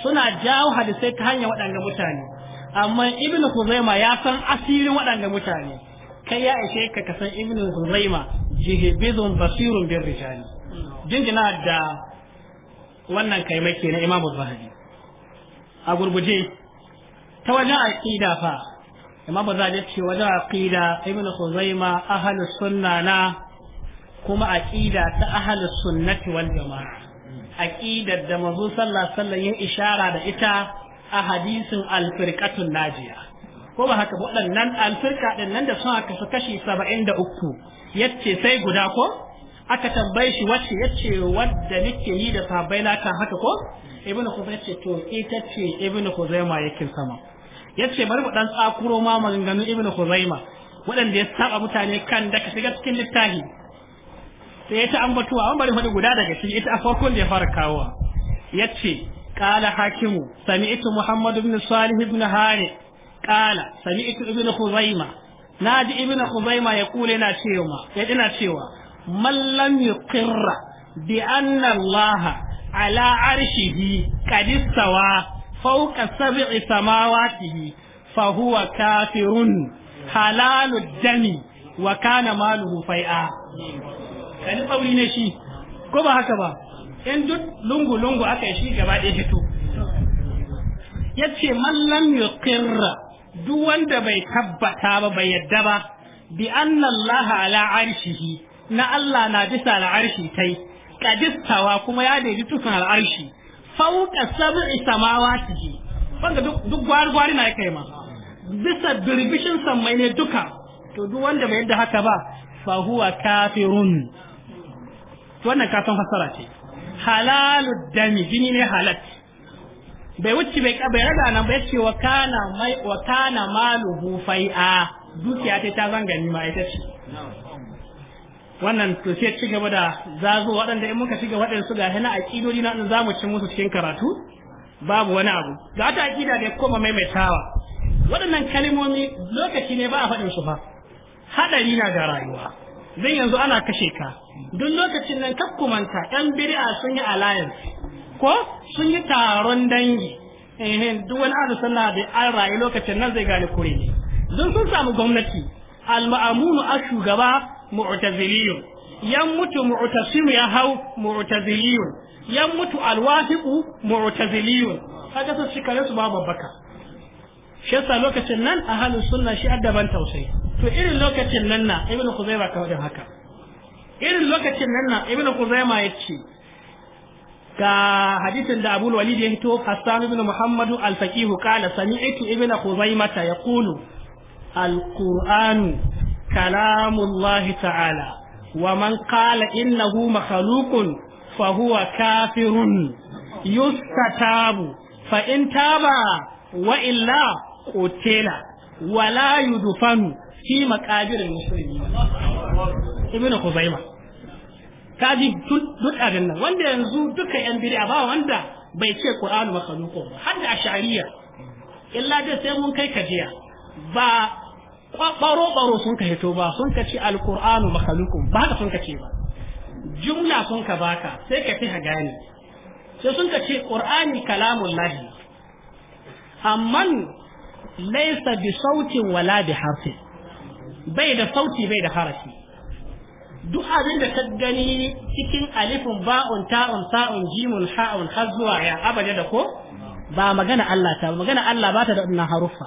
suna jawo hadisai ta hanyar waɗannan mutane amma ibnu huzaima ya san asirin waɗanda mutane kai ya ishe ka kasan ibnu huzaima jihibizun basirun bin rijali jinjina da wannan make na imamu zahabi a gurguje ta wajen aqida fa imamu zahabi ce wajen aqida ibnu huzaima ahlus sunna na kuma aqida ta ahlus sunnati wal jamaa aqidar da manzo sallallahu alaihi wasallam ya ishara da ita a hadisin alfirkatun najiya ko ba haka waɗannan alfirka ɗin nan da suna kasu kashi saba'in da uku yace sai guda ko aka tambaye shi wacce yace wadda nake yi da sabai na kan haka ko ibnu ya yace to ita ce ibnu kuzaima yake sama yace bari mu dan tsakuro ma maganganun ibnu ma. waɗanda ya saba mutane kan da ka shiga cikin littafi sai ya ta ambatuwa an bari faɗi guda daga shi ita a farkon da ya fara kawowa yace قال حاكم سمعت محمد بن صالح بن هانئ قال سمعت ابن خزيمة نادي ابن خزيمة يقول انا شيوما انا شيوا من لم يقر بأن الله على عرشه قد استوى فوق سبع سماواته فهو كافر حلال الدم وكان ماله فيئا كان قولي نشي كما هكذا in duk lungu lungu aka yi shi gaba ɗaya fito ce mallam ƙirra duk wanda bai tabbata ba bai yadda ba bi an Allah ala arshihi na Allah na bisa al'arshi tai kadistawa kuma ya daidai tukan al'arshi fauka ta samawatihi wanda duk gwari gwari na kai ma bisa birbishin sammai ne duka to duk wanda bai yadda haka ba fa huwa kafirun wannan kafin fasara ce halalud dami jini ne halal bai wuce bai bai raga nan bai ce wa kana mai wakana malu maluhu fai'a dukiya ta ta zangani ma ita ce wannan to sai ci gaba da zazo waɗanda in muka shiga waɗansu ga hana aqidodi na za mu ci musu cikin karatu babu wani abu ga ta aqida da koma maimaitawa waɗannan kalmomi lokaci ne ba a faɗin su ba hadari na ga rayuwa don yanzu ana kashe ka duk lokacin nan kakkumanta yan biri'a sun yi alliance ko sun yi taron dangi eh duk wani arzu suna da an rayu lokacin nan zai gane kure ne don sun samu gwamnati al-ma'amunu a shugaba yan mutu mu'tasimu ya hau mu'taziliyun yan mutu alwahiqu mu'taziliyun kaga su shikare su babu baka shi yasa lokacin nan ahlus sunna shi addaban tausayi to irin lokacin nan na ibnu khuzaima ka wadin haka irin lokacin nan na Ibn khuzaima yace ga hadisin da abul walid ya hito hasan ibn muhammad al faqih qala sami'tu ibnu khuzaima ta yaqulu al qur'an kalamullahi ta'ala wa man qala innahu makhluqun fa huwa kafirun yustatabu fa in taba wa illa qutila wala yudfanu fi maqabirin muslimi ibnu kuzaima kaji duk abin nan wanda yanzu duka yan bid'a ba wanda bai ce qur'anu makhluqun ba har da ash'ariyya illa dai sai mun kai kajiya ba baro baro sun ka hito ba sun ka ce alqur'anu makhluqun ba ka sun ka ce ba jumla sun ka baka sai ka fi gane sai sun ka ce qur'ani kalamullahi amman laysa bi sautin wala bi harfin bai da sauti bai da harafi duk abin da ka gani cikin alifin ba'un ta'un sa'un jimun ha'un har zuwa ya abada da ko ba magana Allah ta magana Allah ba ta da wannan haruffa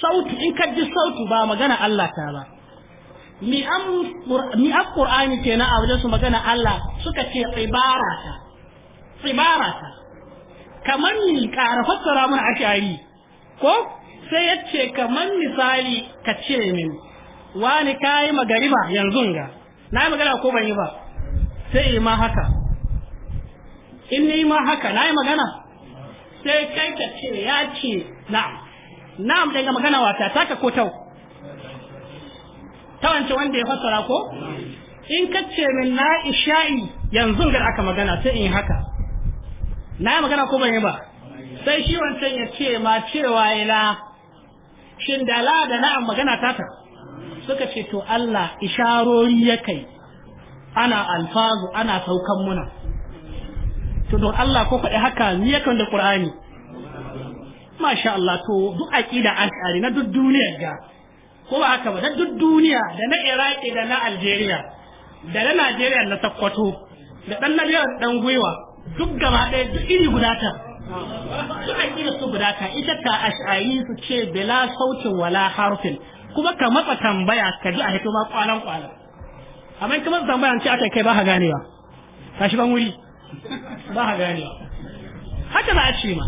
sauti in ka ji sauti ba magana Allah ta ba mi an qur'ani kenan a wajen su magana Allah suka ce ibara ta ibara ta kamar ni ƙara fassara mana ashari ko sai ya ce kamar misali ka ce min wani ka yi ba yanzu ga na yi magana ko ban yi ba sai yi ma haka in ni ma haka na yi magana sai kai ka ce ya ce Na na'am daga magana wata taka ko tau wance wanda ya fassara ko in ka ce min na isha'i yanzu ga aka magana sai in haka na yi magana ko ban yi ba sai shi wancan ya ce ma cewa ila shin da la da na'am magana ta suka ce to Allah isharori ya kai ana alfazu ana saukan muna to don Allah ko faɗi haka ni yakan da Qur'ani masha Allah to duk aqida ash'ari na duk duniya ga ko ba haka ba na duk duniya da na Iraki da na Algeria da na Najeriya na Sokoto da dan Najeriya dan gwiwa duk gaba ɗaya duk iri guda ta su aƙida su guda ka ita ka ash'ari su ce bila sautin wala harfin kuma ka matsa tambaya ka ji a hito ma kwalan kwalan amma kuma tambayan ce aka kai ba ha ganewa shi ban wuri ba ha ganewa haka za a ce ma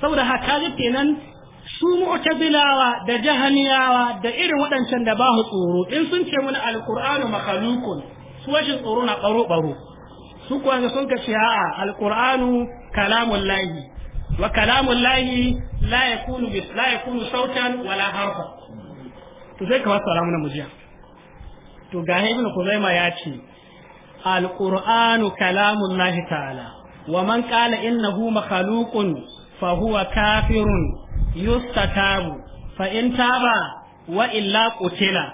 saboda haka kenan su mu'tabilawa da jahaniyawa da irin waɗancan da ba tsoro in sun ce mana alqur'anu makhluqun su wajin tsoro na baro baro su kuwa sun ka ce a'a Alƙur'anu kalamun lahi wa kalamun lahi la kunu bis la yakunu sautan wala harfa to sai ka fassara mana mujiya to ga ibn kuzaima ya ce alqur'anu kalamun lahi ta'ala wa man qala innahu makhluqun fa huwa kafirun yustatabu fa in taba wa illa qutila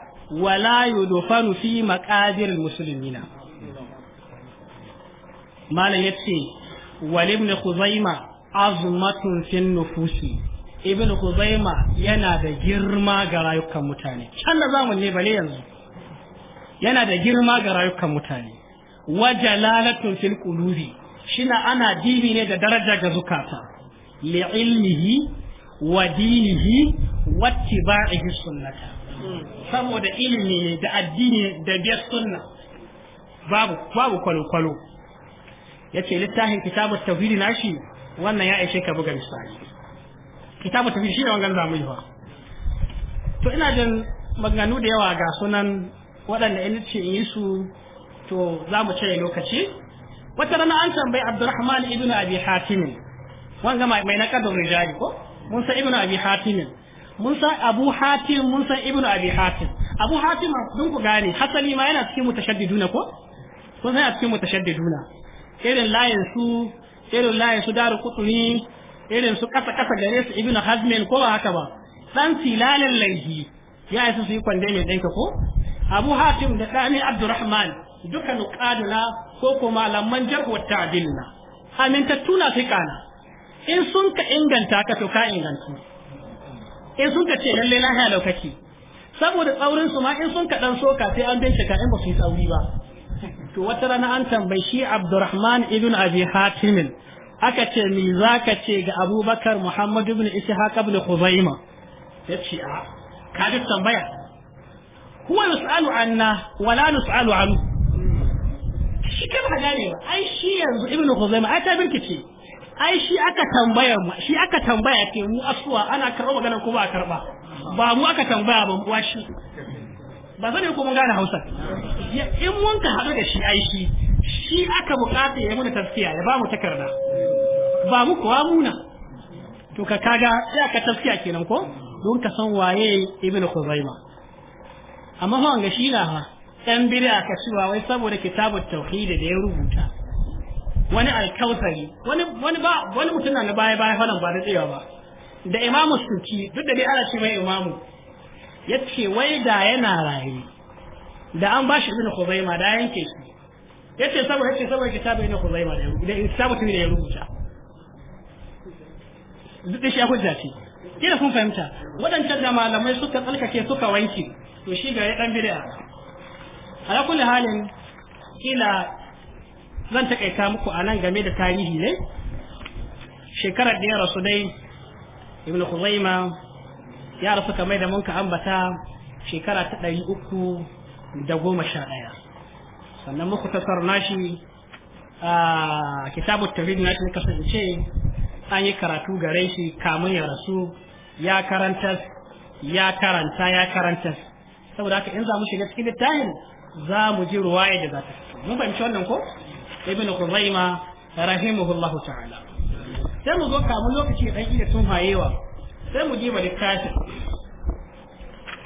wala yudfanu fi maqadir muslimina malam ya yace walim ibn kuzaima azumatun fin nufusi ibn kuzaima yana da girma ga rayukan mutane can da zamu ne bale yanzu yana da girma ga rayukan mutane wa jalalatun fil qulubi shina ana dini ne da daraja ga zukata li'ilmihi wa dinihi wa yi sunnata saboda ilimi ne da addini da biyar sunna babu babu kwalo kwalo Ya ce littafin kitabu na shi wannan ya aishe ka buga misali kitabu tauhidi shi ne wangan zamu yi ba to ina jin maganganu da yawa ga sunan waɗanda in ce in yi su to za mu cire lokaci wata rana an tambayi abdurrahman ibn abi hatim wanga mai na kadar rijali ko mun san ibn abi hatim mun san abu hatim mun san ibn abi hatim abu hatim dun ku gane hasali ma yana cikin mutashaddiduna ko kun san cikin mutashaddiduna irin layin su irin layin su daru kutuni irin su kasa kasa gare su ibnu hazmin ko haka ba dan silalan laihi ya isa su yi kwande mai danka ko abu hatim da dani abdurrahman duka nuqaduna ko ko malaman jarhu ta'dilna amintattu na kana in sun ka inganta ka to ka inganta in sun ka ce lalle lahiya lokaci saboda tsaurin su ma in sun ka dan soka sai an bincika in ba su yi tsauri ba to wata rana an tambayi shi Abdurrahman ibn Abi Hatim aka ce me ka ce ga Abubakar Muhammad ibn Ishaq ibn Khuzaimah yace a ka ji tambaya huwa yus'alu anna wala nus'alu anhu shi kan ka gane ba ai shi yanzu ibn Khuzaimah ai ta birkice ai shi aka tambaya mu shi aka tambaya ke mu asuwa ana karɓar maganar ko ba a karɓa ba mu aka tambaya ba mu shi ba zane ko mun gane hausa in wanka ka haɗu da shi ai shi aka buƙata ya muna tafsiya ya ba mu takarda ba mu kuwa muna to ka kaga sai aka tafsiya kenan ko don ka san waye ibnu khuzaima amma fa ga shi na ha ɗan bid'a ka cewa wai saboda kitabut tauhid da ya rubuta wani alkautari wani wani ba wani mutum na baya baya falan ba da tsayawa ba da imamu suki duk da dai ana ce mai imamu yace wai da yana raye da an bashi ibn Khuzaima da yanke shi yace saboda yace saboda kitabu ibn Khuzaima da kitabu tuni da ya rubuta duk shi hujja ce kina kun fahimta wadancan da malamai suka tsalkake suka wanke to shi ga dan bid'a ala kulli halin kila zan takaita muku anan game da tarihi ne shekarar da ya rasu dai ibn Khuzaima ya rasu kamar da mun ka ambata shekara ta ɗari uku da goma sha ɗaya sannan muku tasar nashi a kitabu shi nashi kasance an yi karatu gare shi kamun ya rasu ya karanta ya karanta ya karanta saboda haka in za mu shiga cikin littafin za mu ji ruwaya da za ta fito mun fahimci wannan ko ibn Khuzaima rahimahullahu ta'ala sai mu zo kamun lokaci dan iya tun hayewa sai mu jima littafi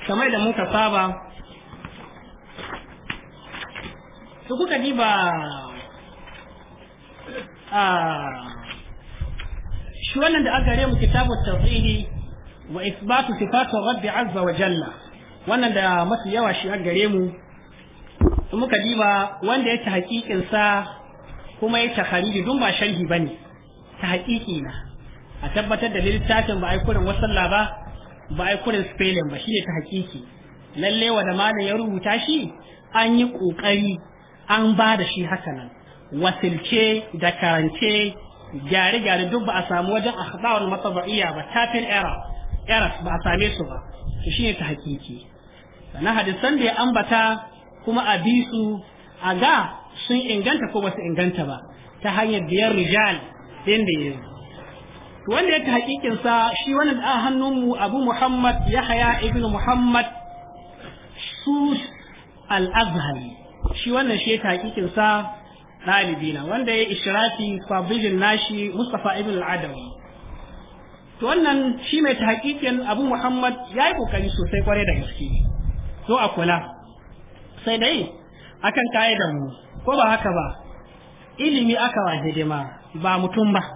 kamar da muka saba su kuka diba a shi wannan da aka gare mu kitabu tauhidi wa isbatu sifatu rabbi azza wa jalla wannan da masu yawa shi aka gare mu su muka diba wanda ya ta hakikinsa kuma ya ta haridi dun ba sharhi ne ta hakiki na a tabbatar da littafin ba yi kurin wasalla ba ba yi kurin spelling ba shine ta hakiki lalle wa da malam ya rubuta shi an yi kokari an ba da shi hakanan. nan wasilce da karance gyare-gyare duk ba a samu wajen a hadawar matabaiya ba tafin era era ba a same su ba to shine ta hakiki sannan hadisan da ya ambata kuma a bi su a ga sun inganta ko ba su inganta ba ta hanyar biyar rijal din da yanzu to wanda yake hakikin shi wannan da hannun mu Abu Muhammad haya ibn Muhammad Sus al-Azhari shi wannan shi yake hakikin sa ɗalibina wanda ya ishirafi fabijin nashi Mustapha, ibn al-Adawi to wannan shi mai tahqiqin Abu Muhammad ya yi kokari sosai kwarai da gaske zo a kula sai dai akan da mu ko ba haka ba ilimi aka wa hidima ba mutum ba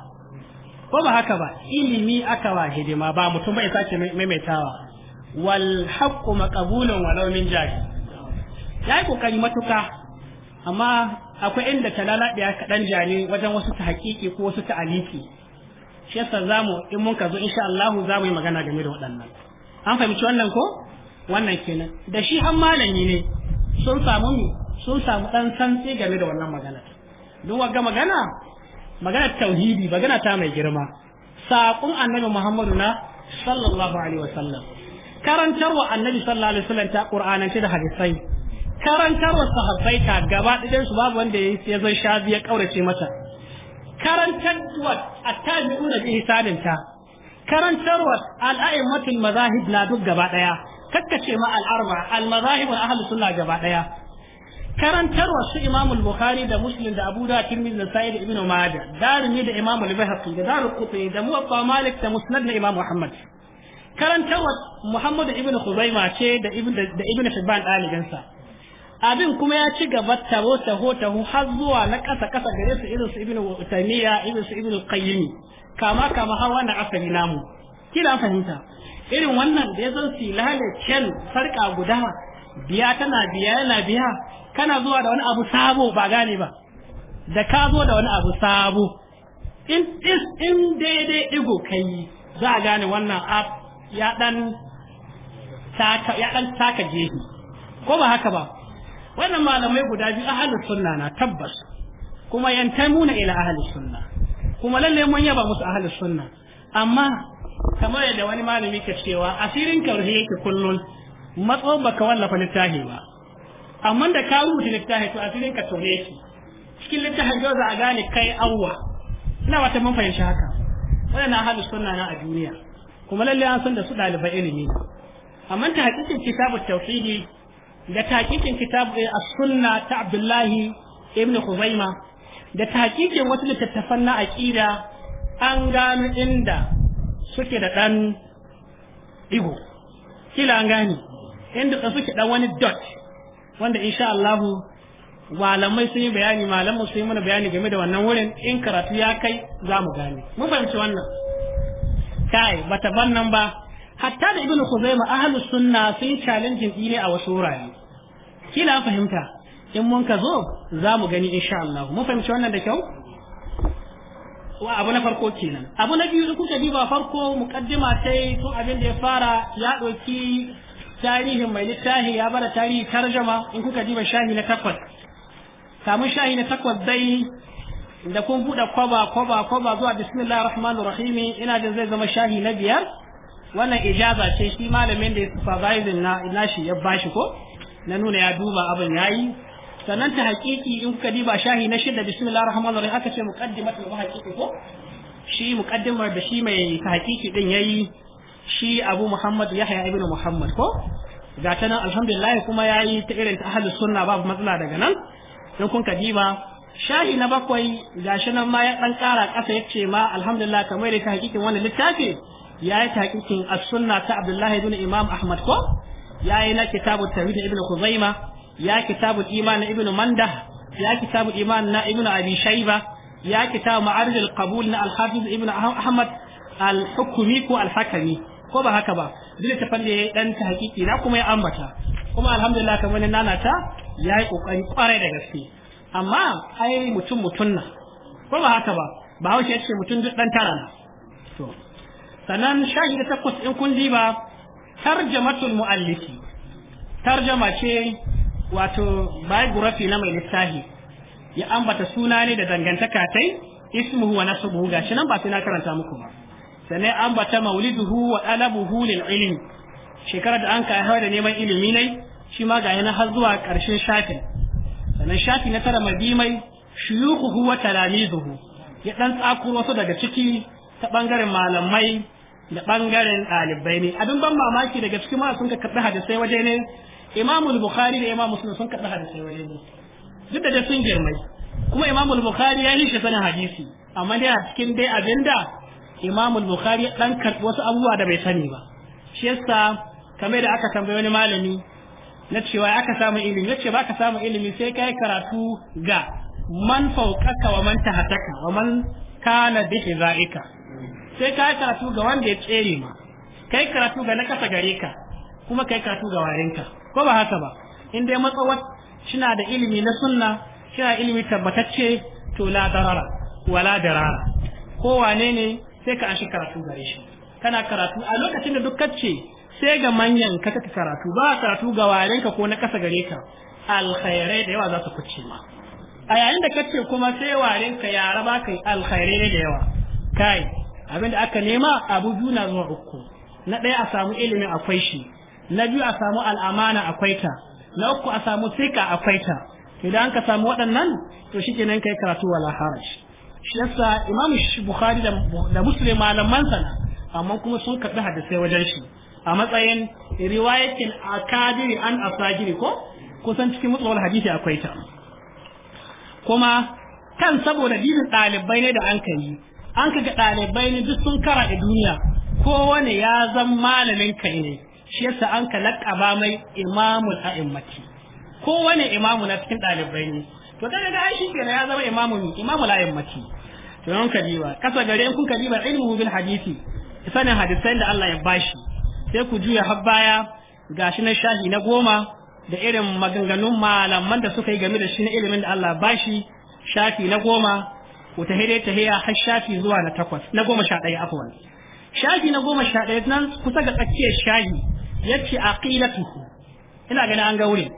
ko ba haka ba ilimi aka wa hidima ba mutum bai sake maimaitawa wal haqqu maqbulun walau min jahi yayi kokari matuka amma akwai inda ta lalabe ka dan jani wajen wasu ta hakiki ko wasu ta aliki shi yasa zamu in mun ka zo insha Allah zamu yi magana game da waɗannan an fahimci wannan ko wannan kenan da shi har malami ne sun samu sun samu dan santsi game da wannan magana duk ga magana magana tauhidi magana ta mai girma saƙon annabi muhammadu na sallallahu alaihi wasallam karantarwa annabi sallallahu alaihi wasallam ta ƙur'anance da hadisai karantarwa sahabbai ta gaba ɗayan su babu wanda ya zai shafi ya kaurace mata karantarwa attabi'una da ihsanin ta karantarwa al'aimatul mazahib na duk gaba ɗaya kakkace ma al'arba al-mazahib ahlus sunna gaba ɗaya karantarwa su Imamul al-Bukhari da Muslim da Abu Dawud Tirmidhi da Sa'id ibn Majah darimi da Imam al-Baihaqi da Darul Qutni da Muwatta Malik da Musnad da Imam Muhammad karantarwa Muhammad ibn Khuzaimah ce da ibn da ibn Hibban ɗalibinsa abin kuma ya ci gaba taro taho taho har zuwa na ƙasa ƙasa gare su irin su ibn Taymiyyah irin su ibn Qayyim kama kama har wannan asali namu kina fahimta irin wannan da ya zan si lahalacen sarƙa guda biya tana biya yana biya kana zuwa da wani abu sabo ba gane ba da ka zo da wani abu sabo in is in daidai digo kai za gane wannan app ya dan taka ya dan taka jehi ko ba haka ba wannan malamai guda biyu halin sunna na tabbas kuma yantamuna ila ahli sunna kuma lalle mun yaba musu ahli sunna amma kamar yadda wani malami ke cewa asirin karhe yake kullun matsawar baka wallafa littafi ba amma da ka rubuta littafi to asirin ka tone shi cikin littafin yau za a gane kai awwa ina wata mun fahimci haka wannan ahlus sunna na a duniya kuma lalle an san da su dalibai ilimi amma ta hakikin kitabu tauhidi da ta hakikin kitabu eh, as-sunna ta Abdullahi ibn Khuzaima da ta hakikin wasu littattafan na aqida an gano inda suke da dan ihu kila an gane inda ka suke dan wani dot wanda insha Allah malamai sun yi bayani malamu sun yi mana bayani game da wannan wurin in karatu ya kai za mu gane mun fahimci wannan kai bata ban nan ba hatta da ibnu khuzaima ahlus sunna sun challenge ne a wasu wurare kila fahimta in mun ka zo za mu gani insha Allah mun fahimci wannan da kyau wa abu na farko kenan abu na biyu da kuka ba farko mukaddima sai to abin da ya fara ya ɗauki tarihin mai littafi ya bada tarihi tarjama in kuka diba shahi na takwas kamun shahi na takwas dai da kun buɗe kwaba kwaba kwaba zuwa bismillahir rahman rahim ina jin zai zama shahi na biyar wannan ijaza ce shi malamin da ya supervising na shi ya bashi ko na nuna ya duba abin yayi sannan ta hakiki in kuka diba shahi na shida bismillahir rahman rahim aka ce muqaddimatul muhaqqiqi ko shi muqaddimar da shi mai ta hakiki din yayi shi abu muhammad yahya ibn muhammad ko ga ta nan alhamdulillah kuma ya yi ta irin ta ahalus sunna babu matsala daga nan don kun kadima shahi na bakwai ga shi nan ma ya dan kara kasa ya ce ma alhamdulillah kamar da ka hakikin wani littafi ya yi ta hakikin sunna ta abdullahi ibn imam ahmad ko ya yi na kitabu tawhid ibn khuzaima ya kitabu iman ibn manda ya kitabu iman na ibn abi shayba ya kitabu ma'arij al-qabul na al-hafiz ibn ahmad al-hukmi ko al-hakami ko ba haka ba duk ta falle ya dan ta hakiki na kuma ya ambata kuma alhamdulillah kamar nana ta yayi kokari kwarai da gaske amma ai mutum mutun na ko ba haka ba ba hausa yace mutum duk dan tara na to sanan shahida takwas in kun diba tarjamatul muallifi tarjama ce wato biography na mai littafi ya ambata suna ne da dangantaka tai ismuhu wa nasbuhu gashi nan ba sai na karanta muku ba sane an bata mauliduhu wa talabuhu lil ilmi shekarar da an kai hawa da neman ilimi ne shi ma ga yana har zuwa karshen shafin sanan shafi na tara madimai shuyukuhu wa talamizuhu ya dan tsakuro wasu daga ciki ta bangaren malamai da bangaren ɗalibai ne abin ban mamaki daga ciki ma sun ka karɓi hadisai waje ne imamul bukhari da imam muslim sun karɓi hadisai waje ne duk da sun girmai kuma imamul bukhari ya yi shi sanin hadisi amma dai a cikin dai abinda Imam bukhari dan karbi wasu abubuwa da bai sani ba shi yasa kamar da aka tambaye wani malami na cewa aka samu ilimi yace baka samu ilimi sai kai karatu ga man fawqaka wa man tahataka wa man kana bi zaika sai kai karatu ga wanda ya tsere ma kai karatu ga na kasa gare ka kuma kai karatu ga warinka ko ba haka ba in dai matsawar shina da ilimi na sunna shina ilimi tabbatacce to la darara wala darara ko wane ne sai ka ashi karatu gare shi kana karatu a lokacin da duk ce sai ga manyan ka ta karatu ba karatu ga warenka ko na kasa gare ka alkhairai da yawa za su kuce ma a yayin da kace kuma sai warenka ya raba kai alkhairai da yawa kai abinda aka nema abu biyu na zuwa uku na ɗaya a samu ilimin akwai shi na biyu a samu al'amana akwai ta na uku a samu sika akwai ta idan ka samu waɗannan to shikenan kai karatu wala haraj shi yasa imamu bukhari da muslim malaman sa amma kuma sun kaɗi hadisai wajen shi a matsayin riwayatin akadiri an asagiri ko kusan cikin mutsawar hadisi akwai ta kuma kan saboda dinin ɗalibai ne da an kai an kaga ɗalibai ne duk sun kara a duniya kowane ya zan malamin kai ne shi yasa an ka laƙaba mai imamul a'immati kowane imamu na cikin ɗalibai ne to kaga ga ai shikenan ya zama imamu imamu la yammati to don kadiba kasa gare in kun kadiba ilmu bil hadisi sanin hadisan da Allah ya bashi sai ku juya har baya gashi na shahi na goma da irin maganganun malaman da suka yi game da shi na ilimin da Allah bashi shafi na goma ku ta hire ta hiya har shafi zuwa na takwas na goma sha ɗaya afwan shafi na goma sha ɗaya nan kusa ga tsakiyar shahi yace aqidatuhu ina ganin an ga wurin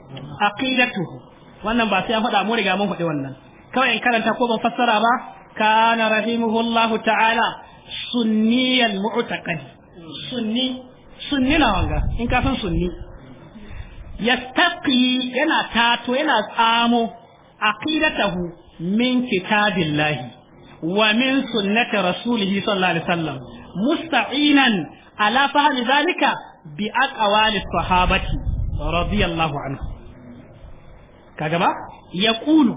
aqidatuhu wannan ba sai an faɗa mu riga mun faɗi wannan kawai in karanta ko ban fassara ba kana rahimahullahu ta'ala sunniyal mu'taqid sunni sunni na wanga in ka san sunni yastaqi yana tato yana tsamo aqidatahu min kitabillahi wa min sunnati rasulihi sallallahu alaihi wasallam musta'inan ala fahmi dhalika bi aqwali sahabati radiyallahu anhu kaga ba yaqulu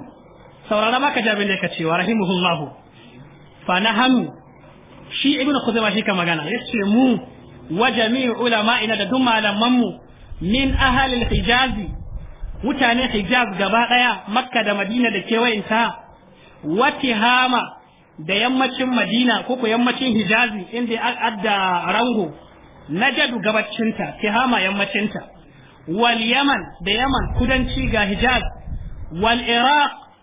saurara ma ka ji abin da cewa rahimahullahu fa nahanu shi ibnu khuzaimah shi ka magana ce mu wa jami'u ina da duk malaman mu min ahalil hijazi mutane hijaz gaba daya makka da madina da kewayenta Wati hama da yammacin madina ko ko yammacin hijazi inda ya adda rango najadu gabacinta hama yammacinta wal yaman da yaman kudanci ga hijab wal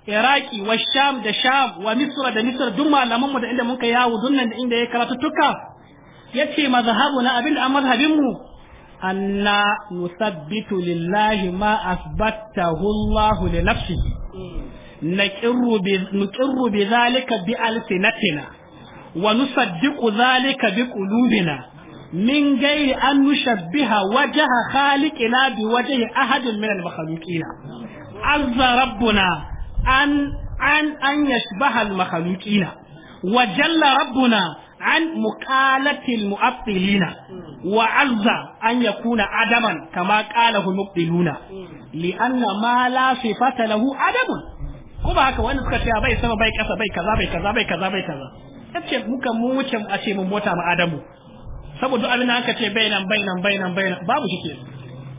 iraki wa sham da sham wa misra da misra duk malaman mu da inda muka yawo dunnan da inda ya karatu tuka yace mazhabuna abin da mazhabin mu anna nusabbitu lillahi ma asbattahu Allah li nafsihi naqirru bi nuqirru bi dhalika bi alsinatina wa nusaddiqu dhalika bi qulubina min gairi an nushabbiha wajaha khaliqina bi wajhi ahadin min al-makhluqina azza rabbuna an an an yashbaha al-makhluqina wa jalla rabbuna an muqalatil mu'attilina wa azza an yakuna adaman kama qalahu muqtiluna li anna ma la sifata lahu adamun kuma haka wanda suka ce bai sama bai kasa bai kaza bai kaza bai kaza yace muka mu wuce a ce mun mota ma adamu saboda abin da aka ce bainan bainan bainan bainan babu shi ke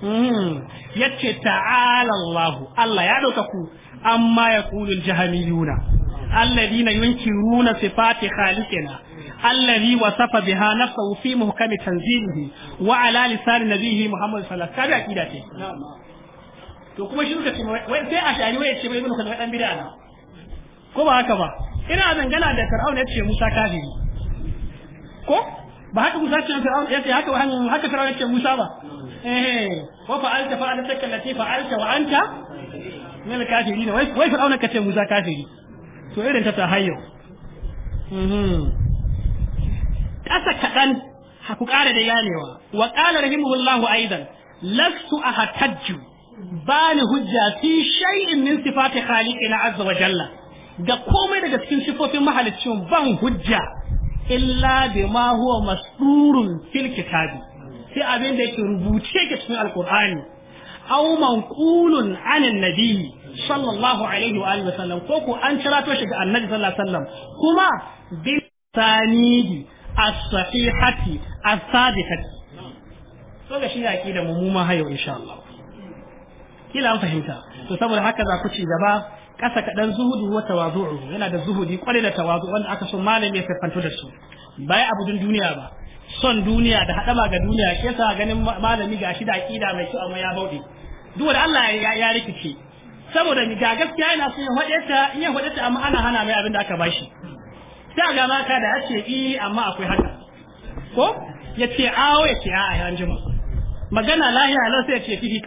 hmm. yace ta'ala Allah Allah ya dauka ku amma ya kulul jahamiyuna alladina yunkiruna sifati khaliqina alladhi wasafa biha nafsuhu fi muhkam tanzilihi wa ala lisan nabiyhi Muhammad sallallahu alaihi wasallam akida ce to kuma shi suka ce wai sai a shari wai ce ibnu dan bid'a na ko ba haka ba ina zangana da Fir'auna ya ce Musa kafiri ko ba haka Musa ce Fir'aun yace haka haka Fir'aun yace Musa ba eh wa fa'alta fa'alatka allati fa'alta wa anta min al-kafirin wai wai Fir'aun kace Musa kafiri to irin ta ta hayyo mhm kasa kadan haku kara da yanewa wa qala rahimahullahu aidan lastu ahatajju bani hujja fi shay'in min sifati khaliqina azza wa jalla Da komai daga cikin sifofin mahaliccin ban hujja illa bima huwa masdurun fil kitabi sai abin da yake rubuce ke cikin alqur'ani aw manqulun anin nabi sallallahu alaihi wa alihi wasallam ko ko an cirato shi ga annabi sallallahu alaihi wasallam kuma bi. sanidi as-sahihati as-sadiqati so ga shi ne aqida mu mu ma hayo insha Allah kila an fahimta to saboda haka za ku ci gaba kasa kaɗan zuhudu wa tawazu'u yana da zuhudi kwarai da tawazu wanda aka so malami ya siffanto da su bai abudun duniya ba son duniya da haɗama ga duniya ke sa ganin malami ga shi da aqida mai kyau amma ya bauɗe duk wanda Allah ya rikice saboda ni ga gaskiya ina so ya hade ta in ya hade ta amma ana hana mai abin da aka bashi sai ga maka da ace i amma akwai haka ko ya awo yace a'a jima magana lahiya lau sai ya ce fihi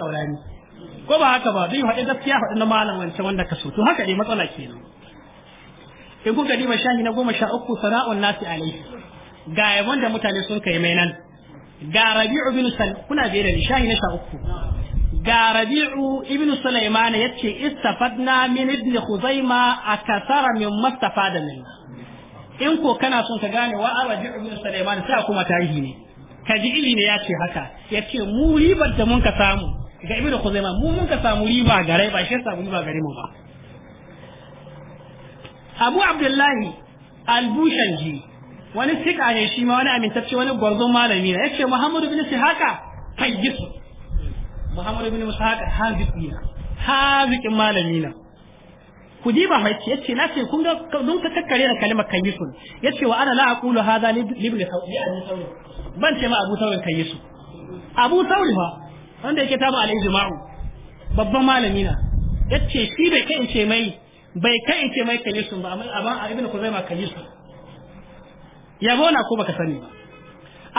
ko ba haka ba zai faɗi gaskiya faɗi na malam wancan wanda ka so to haka ne matsala kenan in kuka dima shahi na goma sha uku sana'un nasi alaihi ga yabon da mutane sun kai mai nan ga rabi'u bin sal kuna biye da shahi na sha uku ga rabi'u ibn sulaiman yace istafadna min ibn khuzaima akthara min mastafada min in ko kana son ka gane wa rabi'u ibn sulaiman sai kuma tarihi ne kaji ili ne yace haka yace mu ribar da mun ka samu ga ibnu khuzaima mu mun ka samu riba gare ba shi samu riba gare mu ba abu abdullahi al-bushanji wani sika ne shi ma wani amintacce wani gwarzon malami ne yace muhammad ibn sihaka fayyisu muhammad ibn sihaka haziki na hazikin malami na ku ji ba mai yace na ce kun ga don ka kakkare da kalmar kayyisun yace wa ana la aqulu hadha li ibn sa'id ban ce ma abu saurin kayyisu abu saurin ba wanda yake tabu alai jama'u babban malami na yace shi bai kai ce mai bai kai ce mai kalisun ba amma aban ibn kuzaima kalisun ya na ko baka sani ba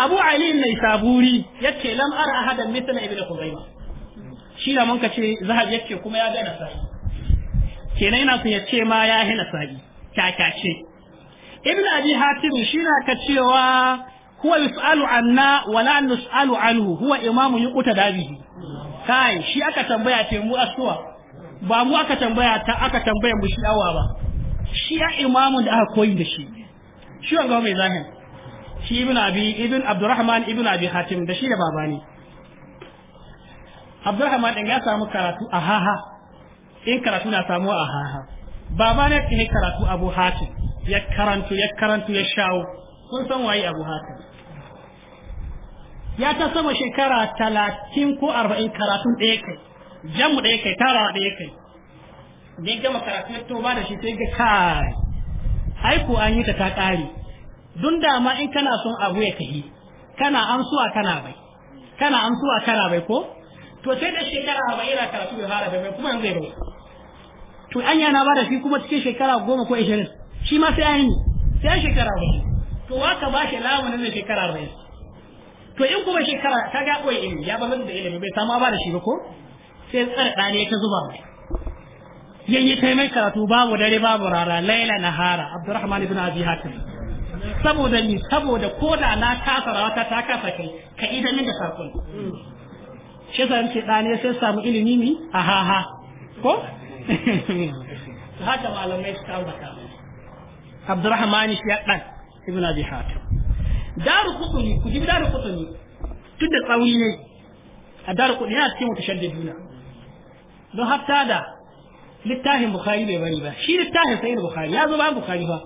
abu ali ibn saburi yace lam ara ahadan mithla ibn kuzaima shi da mun kace zahab yace kuma ya ga nasai kenan ina son yace ma ya hina sai kakace ibn abi hatim shi na ka cewa huwa yus'alu anna wala nus'alu anhu huwa imamu yuquta dabihi kai shi aka tambaya ce mu asuwa ba mu aka tambaya ta aka tambaya mu shi dawa ba shi ya imamun da aka koyi da shi shi wanga mai zahir shi ibn abi ibn abdurrahman ibn abi hatim da shi da babani abdurrahman din ya samu karatu a haha in karatu na samu a haha babane ne karatu abu hatim ya karantu ya karantu ya shawo kun san waye abu haka. ya ta sama shekara talatin ko arba'in karatun ɗaya kai jamu ɗaya kai tara ɗaya kai da ya gama karatun to ba da shi sai ga kai haiku an yi ta ta ƙare da dama in kana son abu ya kahi kana amsuwa kana bai kana amsuwa kana bai ko to sai da shekara arba'in yana karatu ya fara bai kuma yanzu ya bai to an yana ba da shi kuma cikin shekara goma ko ashirin shi ma sai an yi sai an shekara bai. to waka ba shi lamunin da shekara arba'in to in kuma shekara ta ga koyi ilimi ya bazan da ilimi bai samu ba da shi ba ko sai tsare ɗane ta zuba mai yayi kai mai karatu babu dare babu rara laila nahara abdurrahman ibn abi hatim saboda ni saboda koda na kasa rawata ta kasa kai ka idan ni da sakon shi yasa ce ɗane sai samu ilimi mi a ah, ha ha ko haka malamai suka ambata abdurrahman shi ya ɗan ibn abi hatim daru kutuni ku ji daru kutuni tun da tsauri ne a daru kutuni yana cikin mutashaddiduna don hatta da littafin bukhari bai bari ba shi littafin sayyid bukhari ya zo ba bukhari ba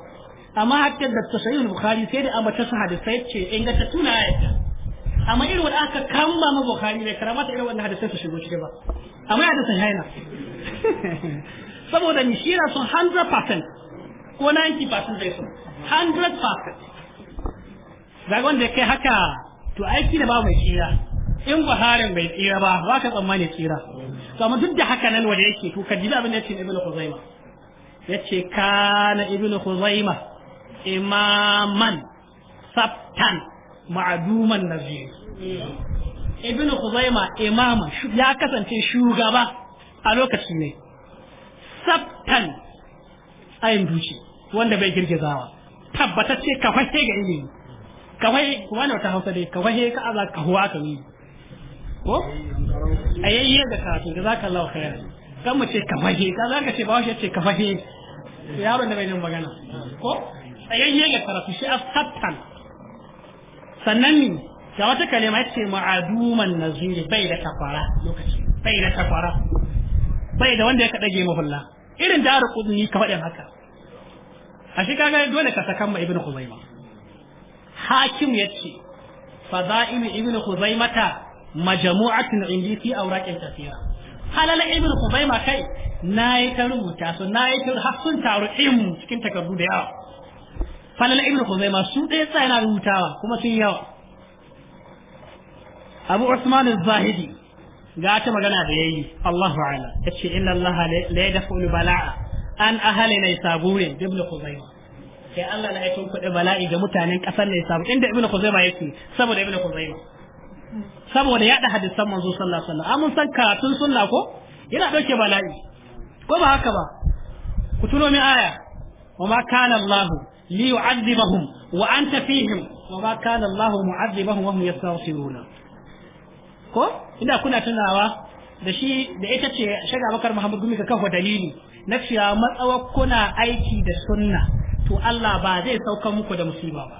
amma hatta da sayyid bukhari sai da ambata su hadisai ce inganta tuna ayata amma irin wanda aka kamba ma bukhari bai karamata irin wanda hadisai su shigo ciki ba amma ya hadisan haina saboda ni shi yana son 100% ko 90% zai so 100% zaga wanda kai haka to aiki da ba mai tsira in buharin bai tsira ba ba ka tsammani tsira to amma duk da haka nan wanda yake to ka jibi abin da yake ibnu khuzaima yace kana ibnu khuzaima imaman sabtan ma'duman nazir ibnu Khuzaima imama ya kasance shugaba a lokacin ne sabtan ayin duci wanda bai girgizawa tabbatacce ka fashe ga ilimi ka fashe wani wata hausa dai ka fashe ka aza ka huwa ka yi ko ayayye ga karatu da ka Allah kaya kan mu ce ka fashe ka zaka ce ba washe ce ka fashe yaron da bai nan magana ko ayayye ga karatu shi a sattan sannan ni ga wata kalima yace ma'aduman nazir bai da kafara lokaci bai da kafara bai da wanda ya kadage mahulla irin da ka faɗin haka a kaga dole ka sakan ma ibnu khuzaima hakim yace fada'ilu ibnu khuzaimata majmu'atun indi fi awraqin kathira halal ibnu khuzaima kai nayi ta rubuta so nayi ta hasun taru cikin takardu da yawa falal ibnu khuzaima su dai sai yana rubutawa kuma sun yawa abu usman az-zahidi ga ta magana da yayi Allahu a'lam yace inna allaha la yadfu bala'a an ahali ne saburin ibn khuzaima sai Allah na aikin kuɗi bala'i ga mutanen ƙasar na sabu inda ibn khuzaima yake saboda ibn khuzaima saboda yaɗa hadisan manzo sallallahu alaihi wasallam amun san karatun sunna ko yana ɗauke bala'i ko ba haka ba ku tuno min aya wa ma kana Allah li yu'adhibahum wa anta fihim wa ma kana Allah mu'adhibahum wa hum yastaghfiruna ko ina kuna tunawa da shi da ita ce shaga bakar muhammad gumi ka kafa dalili na cewa matsawa kuna aiki da sunna to Allah ba zai sauka muku da musiba ba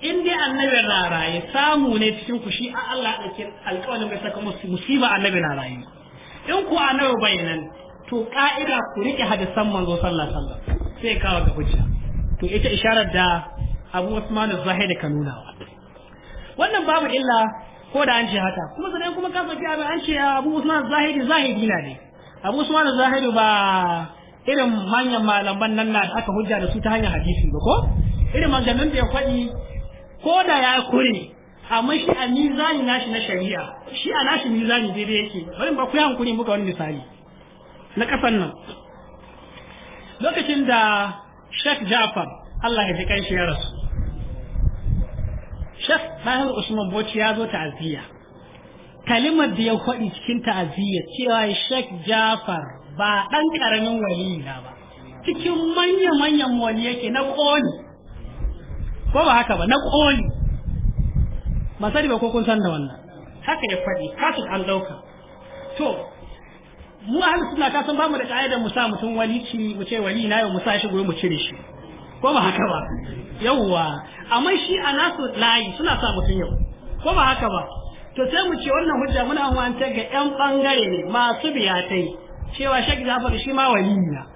in dai annabi na raye samu ne cikin ku shi Allah ɗauki alƙawarin bai saka musiba annabi na raye in ku annabi bai nan to ka'ida ku rike hadisan manzo sallallahu alaihi wasallam sai kawo ga hujja to ita isharar da Abu Usman az-Zahiri ka nuna wannan babu illa ko da an ce haka kuma sanan kuma ka saki abin an ce Abu Usman az-Zahiri zahiri na ne abu usman zahiri ba irin manyan malaman nan na da aka hujja da su ta hanyar hadisi ba ko irin maganganun da ya faɗi ko da ya kure amma shi a mizani nashi na shari'a shi a nashi mizani daidai yake bari ba ku yi hankuri muka wani misali na kasan nan lokacin da Sheikh Jafar Allah ya ji shi ya rasu Sheikh Bahir Usman boci ya zo ta'aziyya kalimar da ya faɗi cikin ta'aziyya cewa Sheikh Jafar ba ɗan ƙaramin wali na ba cikin manya-manyan wali yake na ƙoni ko ba haka ba na ƙoni ba sani ba ko kun san da wannan haka ya faɗi kasu an ɗauka to mu ahli sunna kasan ba bamu da ƙa'idar mu sa mutum wali ci mu ce wali na yau mu sa shi gobe mu cire shi ko ba haka ba yauwa amma shi a nasu layi suna sa mutum yau ko ba haka ba to sai mu ce wannan hujja muna wanta ga yan bangare ne masu biyatai cewa shek Jafar shi ma wali na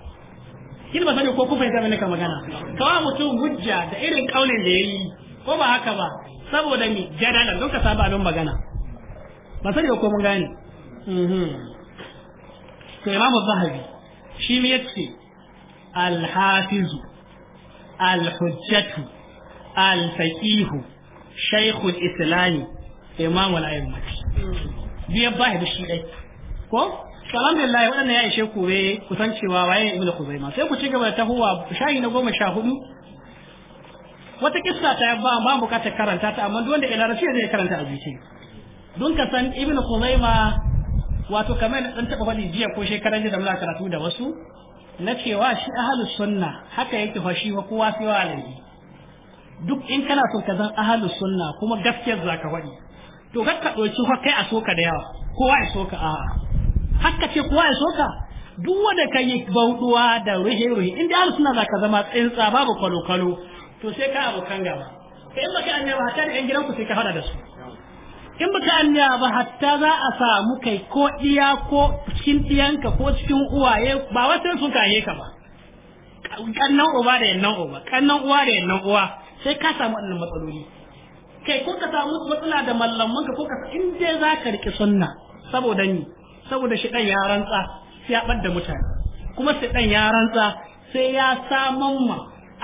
kin ba sani ko kuma fahimta mene ka magana kawai mutum hujja da irin ƙaunin da ya yi ko ba haka ba saboda mi jadala don ka saba don magana ba sani ko mun gane mhm. to Imam Zahabi shi imamul a'immati biyan ba da shi ɗai ko alhamdulillah waɗanda ya ishe kure kusancewa kusan cewa waye ibnu khuzaima sai ku ci gaba da tahuwa shayi na goma sha hudu wata kissa ta ba ba bukatar karanta ta amma duk wanda ila rafi zai karanta a zuci don ka san ibnu khuzaima wato kamar na dan taba faɗi jiya ko shekaran jiya da muna karatu da wasu na cewa shi ahlus sunna haka yake fashi wa kowa sai wa alaji duk in kana son ka zan ahlus sunna kuma gaskiyar zaka waɗi. to kakka ɗauki fa kai a soka da yawa kowa ya soka a? hakka ce kowa ya soka duk wanda ka yi bauɗuwa da ruhe-ruhe in dai suna za ka zama tsintsa babu kwalo-kwalo to sai ka abokan gaba ka in baka annaba hatta da 'yan gidanku sai ka faɗa da su in baka annaba ba hatta za a samu kai ko iya ko cikin iyanka ko cikin uwaye ba wasu sun kaye ka ba kannan uba da yannan uba kannan uwa da yannan uwa sai ka samu wannan matsaloli kai ko ka samu matsala da mallaman ka ko ka in dai za ka rike sunna saboda ni saboda shi dan ya rantsa sai ya bar da mutane kuma sai dan ya rantsa sai ya samun ma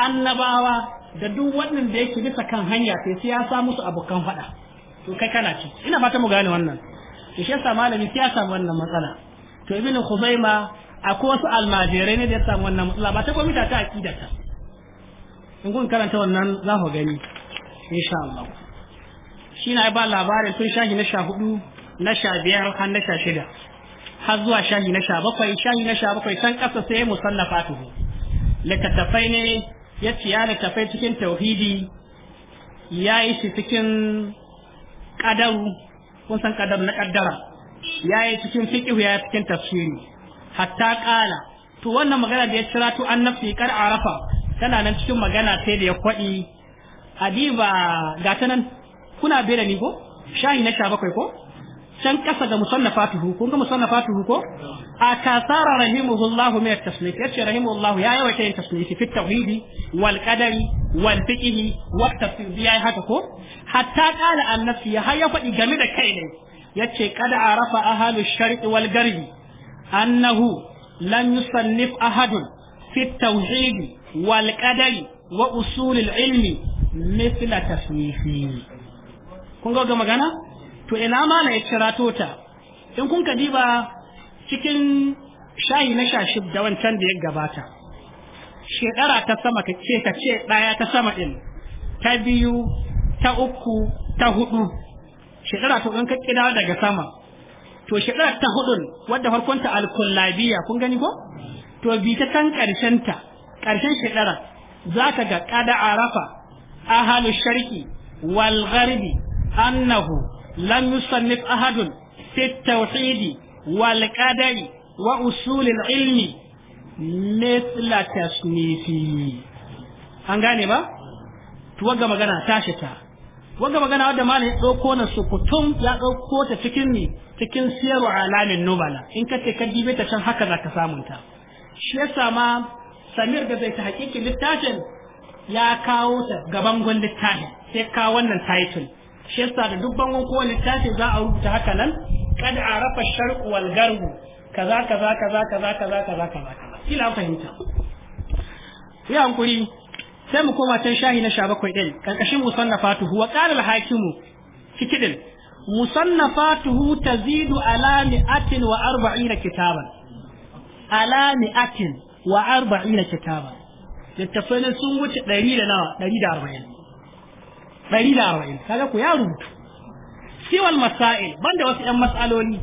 annabawa da duk wannan da yake bisa kan hanya sai sai ya samu su abokan faɗa to kai kana ci ina fata mu gane wannan to shi yasa malami sai ya samu wannan matsala to ibnu khuzaima akwai wasu almajirai ne da ya samu wannan matsala ba ta komita ta aqidata in kun karanta wannan za ku gani insha Allah shi na ba labarin tun shahi na sha hudu na sha biyar har na sha shida har zuwa shahi na sha bakwai shahi na sha bakwai can ƙasa sai musallafa tuhu littattafai ne ya ci ya littattafai cikin tauhidi ya yi shi cikin kadaru kun san ƙadar na ƙaddara ya yi cikin fiƙihu ya yi cikin tafsiri hatta ƙala to wannan magana da ya cira tu an nafi kar arafa tana nan cikin magana sai da ya kwaɗi adiba ga ta nan kuna da ni ko shayi na sha bakwai ko can kasa ga musannafatuhu kun ga musannafatuhu ko a kasara rahimahullahu min at-tasnif yace rahimahullahu ya yawaita yin tasnifi fi tauhidi wal qadari wal fiqhi wa tafsir ya haka ko hatta qala an-nafsi ya ya fadi game da kai ne yace kada arafa ahalu sharqi wal garbi annahu lam yusannif ahadun fi at-tauhidi wal qadari wa usul al-ilmi mithla tasnifi kun ga magana to ina ma na cirato tota in kun ka diba cikin shayi na shashi da wancan da ya gabata shekara ta sama ka ce ka ce daya ta sama din ta biyu ta uku ta hudu shekara to in ka kida daga sama to shekara ta hudun wadda farkon ta alkullabiya kun gani ko to bi ta kan karshen ta karshen shekara zaka ga kada arafa ahalu sharqi wal gharbi annahu lam yusannif ahadun fi tauhidi wal wa usul al ilmi mithla tasnifi an gane ba to wagga magana ta shita wagga magana wadda malai ya dauko na sukutum ya dauko ta cikin siyarwa cikin siyaru in ka ce ka dibe ta can haka zaka samu ta shi yasa ma samir da zai ta hakikin littafin ya kawo ta gaban gwan sai kawo wannan title shi yasa da duk bangon kowane littafi za a rubuta haka nan kad arafa sharqu wal garbu kaza kaza kaza kaza kaza kaza kaza kaza kila fahimta ya hankuri sai mu koma can shahi na 17 din karkashin musannafatuhu wa qala al hakimu cikidin musannafatuhu tazidu ala mi'atin wa arba'ina kitaban ala mi'atin wa arba'ina kitaban littafai sun wuce 100 da nawa 140 ɗari da arba'in kaga ku ya rubutu siwal masail banda wasu yan matsaloli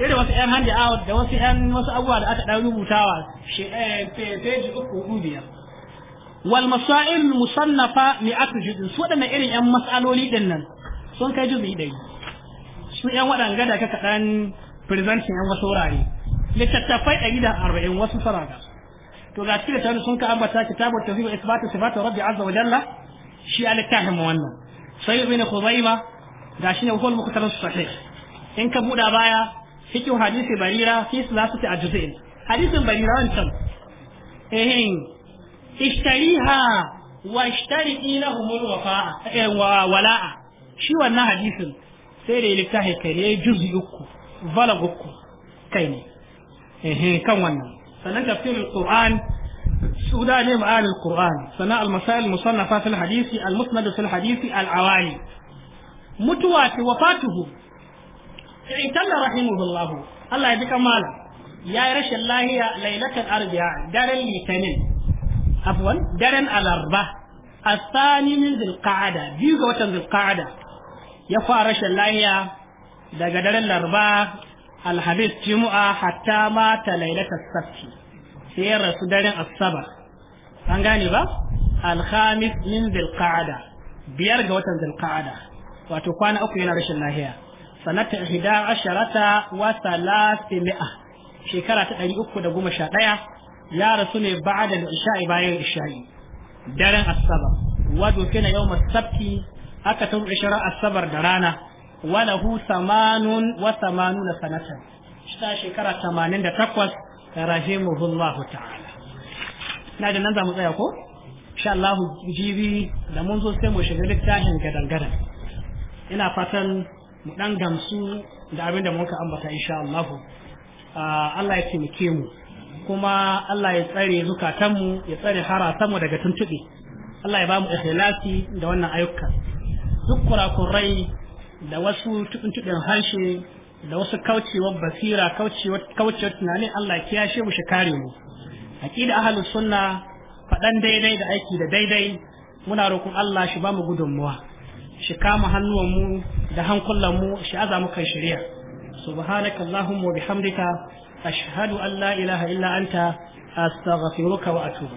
irin wasu yan handi out da wasu yan wasu abubuwa da aka ɗan rubutawa eh, page uku hudu biyar wal masail musannafa mi'atu juz'in su waɗannan irin yan matsaloli din nan sun kai juz'i ɗari su yan waɗanga da kaka ɗan presenting yan wasu wurare littattafai ɗari da arba'in wasu saraka to ga cikin sun ka ambata kitabun tafsir wa isbatu sifatu rabbi azza wa jalla shi a littafin mu wannan sai ibn khuzaima gashi ne hukumar mukhtar sahih in ka buda baya cikin hadisi barira fi salasati ajzain hadisin barira wancan eh ishtariha wa ishtari mul wafa'a eh, wa wala'a shi wannan hadisin sai da littafi kare juzi uku balag uku kai ne eh kan wannan sannan tafsirul qur'an سودان معاني القرآن سناء المسائل المصنفة في الحديث المسند في الحديث العوالي متوات وفاته اعتل رحمه الله الله يديك مالا يا رش الله ليلة الأربعاء دار الاثنين عفوا دار الأربعاء الثاني من ذي القعدة بيوغ ذي القعدة يفا رش الله daga daren larba alhamis juma'a hatta mata lailatar sabti sai ya rasu daren asabar an gane ba alhamis min zulqa'ada biyar ga watan zulqa'ada wato kwana uku yana rashin lahiya sanata ihda asharata wa salasimi'a shekara ta ɗari uku da goma sha ɗaya ya rasu ne ba'da da isha'i bayan isha'i daren asabar wato kina yau masabti aka tun ishirar asabar da rana wala hu samanun wa samanuna sanatan shi shekara tamanin da takwas rahimuhullahu ta'ala na da nan za mu tsaya ko Sha Allah jibi da mun zo sai mu shiga littafin gadangadan. ina fatan mu ɗan gamsu da abin da muka ambata insha Allah ah, Allah ya taimake mu kuma Allah ya tsare zukatanmu ya tsare haratanmu daga tuntuɓe Allah ya ba mu ikhlasi da wannan ayyuka duk kurakurai da wasu tuntuɓin harshe da wasu kaucewar basira kaucewar tunani Allah ya kiyashe mu shi kare mu aqida ahlus sunna faɗan daidai da aiki da daidai muna roƙon Allah shi ba mu gudunmuwa shi kama hannuwan mu da hankulan mu shi aza mu kai shari'a subhanaka allahumma wa bihamdika ashhadu allah la ilaha illa anta astaghfiruka wa atubu